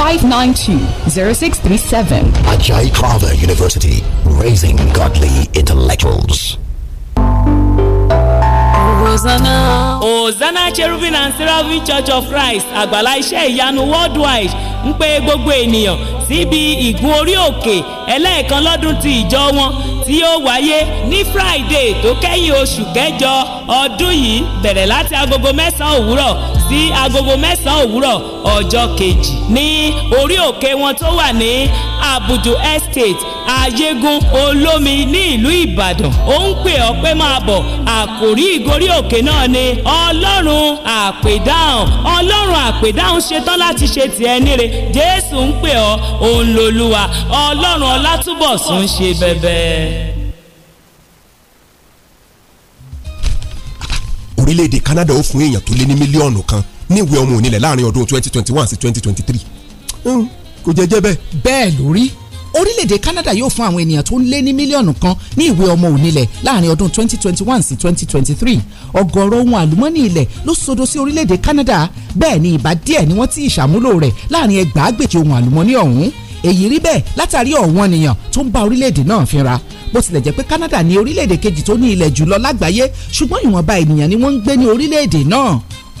592-0637. Ajay Carver University, raising godly intellectuals. Hosanna. Hosanna Cherubin and Seraphim Church of Christ àgbàlá iṣẹ́ ìyanu worldwide ń pe gbogbo ènìyàn síbi ìgun orí òkè ẹlẹ́ẹ̀kan lọ́dún ti ìjọ wọn tí ó wáyé ní Friday tó kẹ́yìn oṣù kẹjọ ọdún yìí bẹ̀rẹ̀ láti agogo mẹ́sàn-án òwúrọ̀ sí agogo mẹ́sàn-án òwúrọ̀ ọjọ́ kejì ní orí òkè wọn tó wà ní Abudu Estate ayégún olómi ní ìlú Ìbàdàn ó ń pè ọ́ pé máa bọ̀ àkòrí ìgorí òkè náà ni Ọlọ́run àpèdáhùn Ọlọ́run àpèdáhùn ṣetán láti ṣe tiẹ̀ níre Jésù ń pè ọ́ òun Ọlọ́run Ọlátúbọ̀sún ṣe bẹ̀bẹ̀. orílẹ̀-èdè Canada ó fún èèyàn tó lé ní mílíọ̀nù kan ní ìwé ọmọ onílẹ̀ láàrin ọdún twenty twenty one sí twenty twenty hmm, kò jẹ́ bẹ́ẹ̀. bẹ́ẹ̀ lórí orílẹ̀-èdè Canada yóò fún àwọn ènìyàn tó ń lé ní mílíọ̀nù kan ní ìwé ọmọ onílẹ̀ láàrin ọdún 2021 sí 2023 ọ̀gọ̀ọ̀rọ̀ ohun àlùmọ́nì ilẹ̀ ló sodo sí orílẹ̀-èdè Canada bẹ́ẹ̀ ni ìbá díẹ̀ ni wọ́n ti ìṣàmúlò rẹ̀ láàrin ẹgbàágbèje ohun àlùmọ́nì ọ̀hún èyí rí bẹ́ẹ̀ látàrí ọ̀wọ́n ènìyàn tó ń bá orílẹ̀-èdè náà fínra bó tilẹ̀ jẹ́ pé Canada ni orílẹ̀-èdè kejì tó ní ilẹ̀ jùlọ lágbàáyé ṣùgbọ́n ìwọ̀nba ènìyàn ni wọ́n ń gbé ní orílẹ̀-èdè náà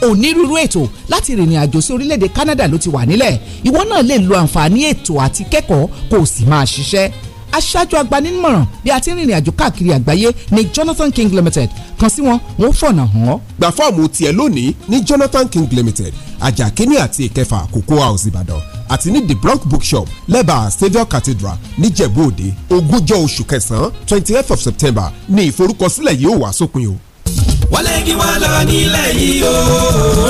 onírúurú ètò láti rìnrìn àjò sí orílẹ̀-èdè Canada ló ti wà nílẹ̀ ìwọ náà lè lo àǹfààní ètò àti kẹ́kọ̀ọ́ kó o sì máa ṣiṣẹ́ aṣáájú agbanímọ̀ràn bí a ti ń rìnrìn àjò káàkiri àgbáyé ní Jonathan King Limited kan sí wọn wọn fọ̀nà hàn án. gba fọ́ọ̀mù tiẹ̀ lónìí ní Jonathan King Limited ajakini àti ìkẹfà Cocoa House Ìbàdàn àti ní the bronc bookshop lẹ́bàá saviour cathedral níjẹ̀bú òde ogúnjọ́ oṣù kẹsàn-án twenty eight of september ní ìforúkọsílẹ̀ yìí ó wà sópin o wọlé kí wọ́n lọ nílẹ̀ yìí o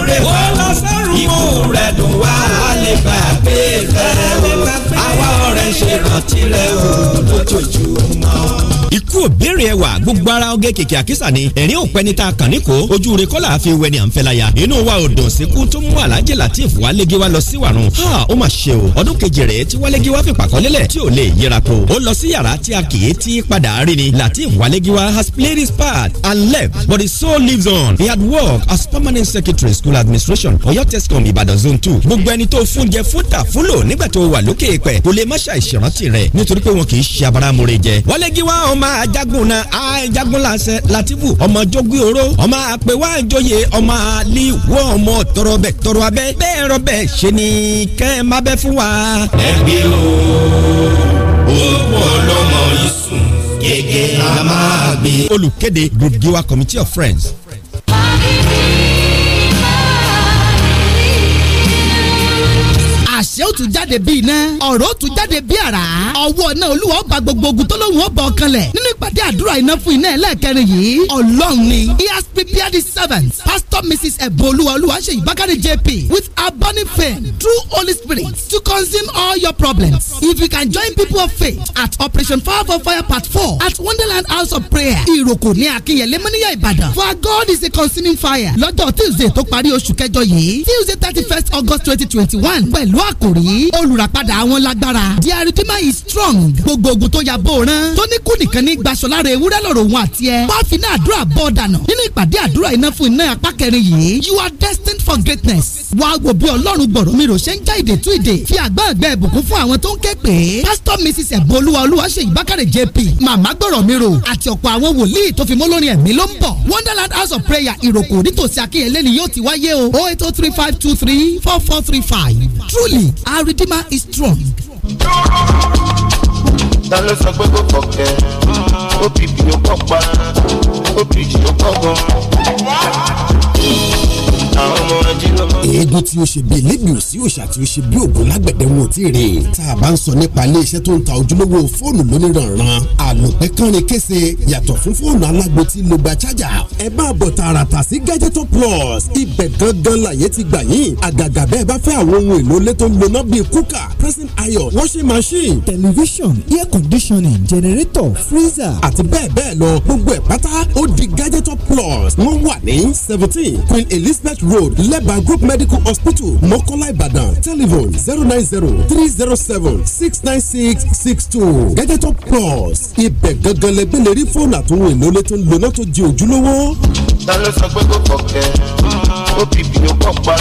rè wọ́n lọ sọ́run ikú rẹ̀ dùn wá lè gbà pé fẹ́ o àwa ọ̀rẹ́ ṣe rántí rẹ̀ o lójoojúmọ́ ikú òbéèrè ẹwà gbogbo ara ọgẹ kèké àkísà ni ẹ̀rín òpẹ́ ní ta kàn ní kó ojú rẹ kọ́là àfi wẹni à ń fẹ́ láya inú wa ò dùn síkú tó mú Alhaji Lateef Wálégé wa lọ sí wàrùn ha ó mà ṣe o ọdún kejì rẹ̀ tí Wálégé wa fi pàkọ́lélẹ̀ tí ò lè yẹra tó ó lọ sí yàrá tí a kì í ti padà rí ni Lateef Wálégé wa has played his part and left but his soul lives on he had worked as permanent secretary school administration Ọ̀yọ́ Tescom Ìbàdàn zone two gbogbo ẹni tó fún jẹ fún tà fúlò nígbà tó wà lókè pẹ̀ kò lè má ṣàìṣèrántí rẹ̀ nítorí pé wọn kì í ṣe abáramore jẹ Wálégé wa ọm ọmọ ajagun na ajagun lanṣẹ latifu ọmọ jogún oró ọmọ àpèwà ìjòyè ọmọ àlì wọ ọmọ tọrọ bẹ tọrọ abẹ bẹẹ rọ bẹ ṣe ni kẹ má bẹ fún wa. ẹgbẹ́ o oògùn ọlọ́mọ yìí sùn gẹ́gẹ́ a máa gbé. olùkéde group giwa committee of friends àṣẹ ó tún jáde bí iná ọ̀rọ̀ ó tún jáde bí àrá ọwọ́ náà olúwa ó gbogbo ogun tó lóun ó bọ̀ lẹ̀ nínú ìpàdé àdúrà iná fún iná ẹlẹ́ẹ̀kẹrin yìí ọlọ́run ni he has prepared his servants pastor mrs ẹ̀bùnolúwa olúwaṣeyì bákàrẹ̀ jp with burning faith through holy spirit to consume all your problems if you can join people of faith at operation fire for fire part four at wonderland house of prayer ìrókò ní akínyẹlé mọ́níyà ìbàdàn for god is a consuming fire lọ́jọ́ tuesday tó parí oṣù kẹjọ yìí tuesday thirty first august twenty twenty one pẹ̀lú àkó kò rí olùràpadà àwọn lágbára diaritima is strong gbogbo ogun tó ya bó rán tó ní kú nìkan ní gbaṣọ lára ewúrẹ́ lọ́rọ̀ òun àti ẹ wá fi náà àdúrà bọ́ dànù nínú ìpàdé àdúrà iná fún iná apá kẹrin yìí you are destined for greatness wá wò bí ọlọ́run gbọ̀rọ̀ mi rò ṣe ń já ìdè tú ìdè fi àgbàgbẹ́ ìbùkún fún àwọn tó ń ké pè é pásítọ̀ mrs ẹ̀bùnolúwa olúwaṣeyì bákàrẹ̀ jp màmá gbọ̀rọ̀ mi rò àti ọ̀pọ̀ àwọn wòlíì tó fi mọ́ lórin ẹ̀mí ló ń bọ̀ wonderland house of prayer ìròkò nítòsí akínyẹlé ni yóò ti wáyé o oh eight oh three five two three four four three five truly our redeemer is strong. ta sọ pé kó fọkẹ́ ó bìbì eégún tí ó ṣe bíi lẹ́gbẹ̀ẹ́ sí òòṣà tí ó ṣe bíi ògùn lágbẹ̀dẹ wọn ò tí ì rè tá a bá ń sọ nípa ilé iṣẹ́ tó ń ta ojúlówó fóònù lóníranran àlòpẹ́ kánrin kése yàtọ̀ fún fóònù alágbo tí lo gba chájà ẹ bá bọ̀ tààràtà sí gadgetor plus ibẹ̀ gangan láyé ti gbà yín àgàgà bẹ́ẹ̀ bá fẹ́ àwọn ohun èlò ilé tó ń lona bíi kúkà pressing iron washing machine television air conditioning generator freezer àti bẹ́ẹ̀ bẹ́ẹ̀ lọ gbogbo ẹ̀ pátá ó di gadgetor plus wọ́n wà ní seventeen Queen Elizabeth Road lẹ́bàá group medical medical hospital mọ́kọ́lá ìbàdàn telephone zero nine zero three zero seven six nine six six two gadgetor plus ibẹ̀ gangan lẹgbẹ́ lè rí fóònù àtúnwò ìnáwó tó ń lò náà tó di ojúlówó. ta ló sọ pé kò kọ̀kẹ́ ó bìbì ló kọ̀ pa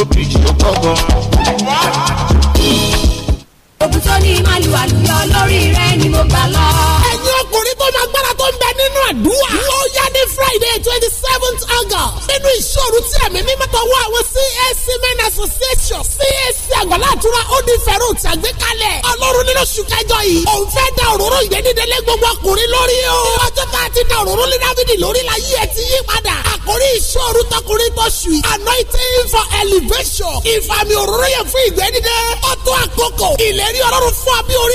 ó bìbì ló kọ̀ gan òkú tó ní màlúù àlùyọ lórí rẹ ni mo gbà lọ. ẹ̀yin ọkùnrin tó máa gbára tó ń bẹ nínú àdúrà. ó yá ní friday twenty seventh august nínú ìṣòro tí ẹ̀mí mímọ́ tọwọ́ àwọn CAC men association CAC àgbàlá àtúrà odi fẹ̀rù ti àgbékalẹ̀ ọlọ́run nínú oṣù kẹjọ yìí òun fẹ́ da òróró ìgbẹ́nidẹ́lẹ́ gbogbo ọkùnrin lórí o ọjọ́ tá a ti da òróró lé dávidi lórí la yí ẹ ti yí padà àkórí ìṣòro tọkùnrin tọṣù anointing for elevation ìfàmì òróró yẹn fún ìgbẹ́nidẹ́ ọ̀tún àkókò ìlérí ọlọ́run fún abí orí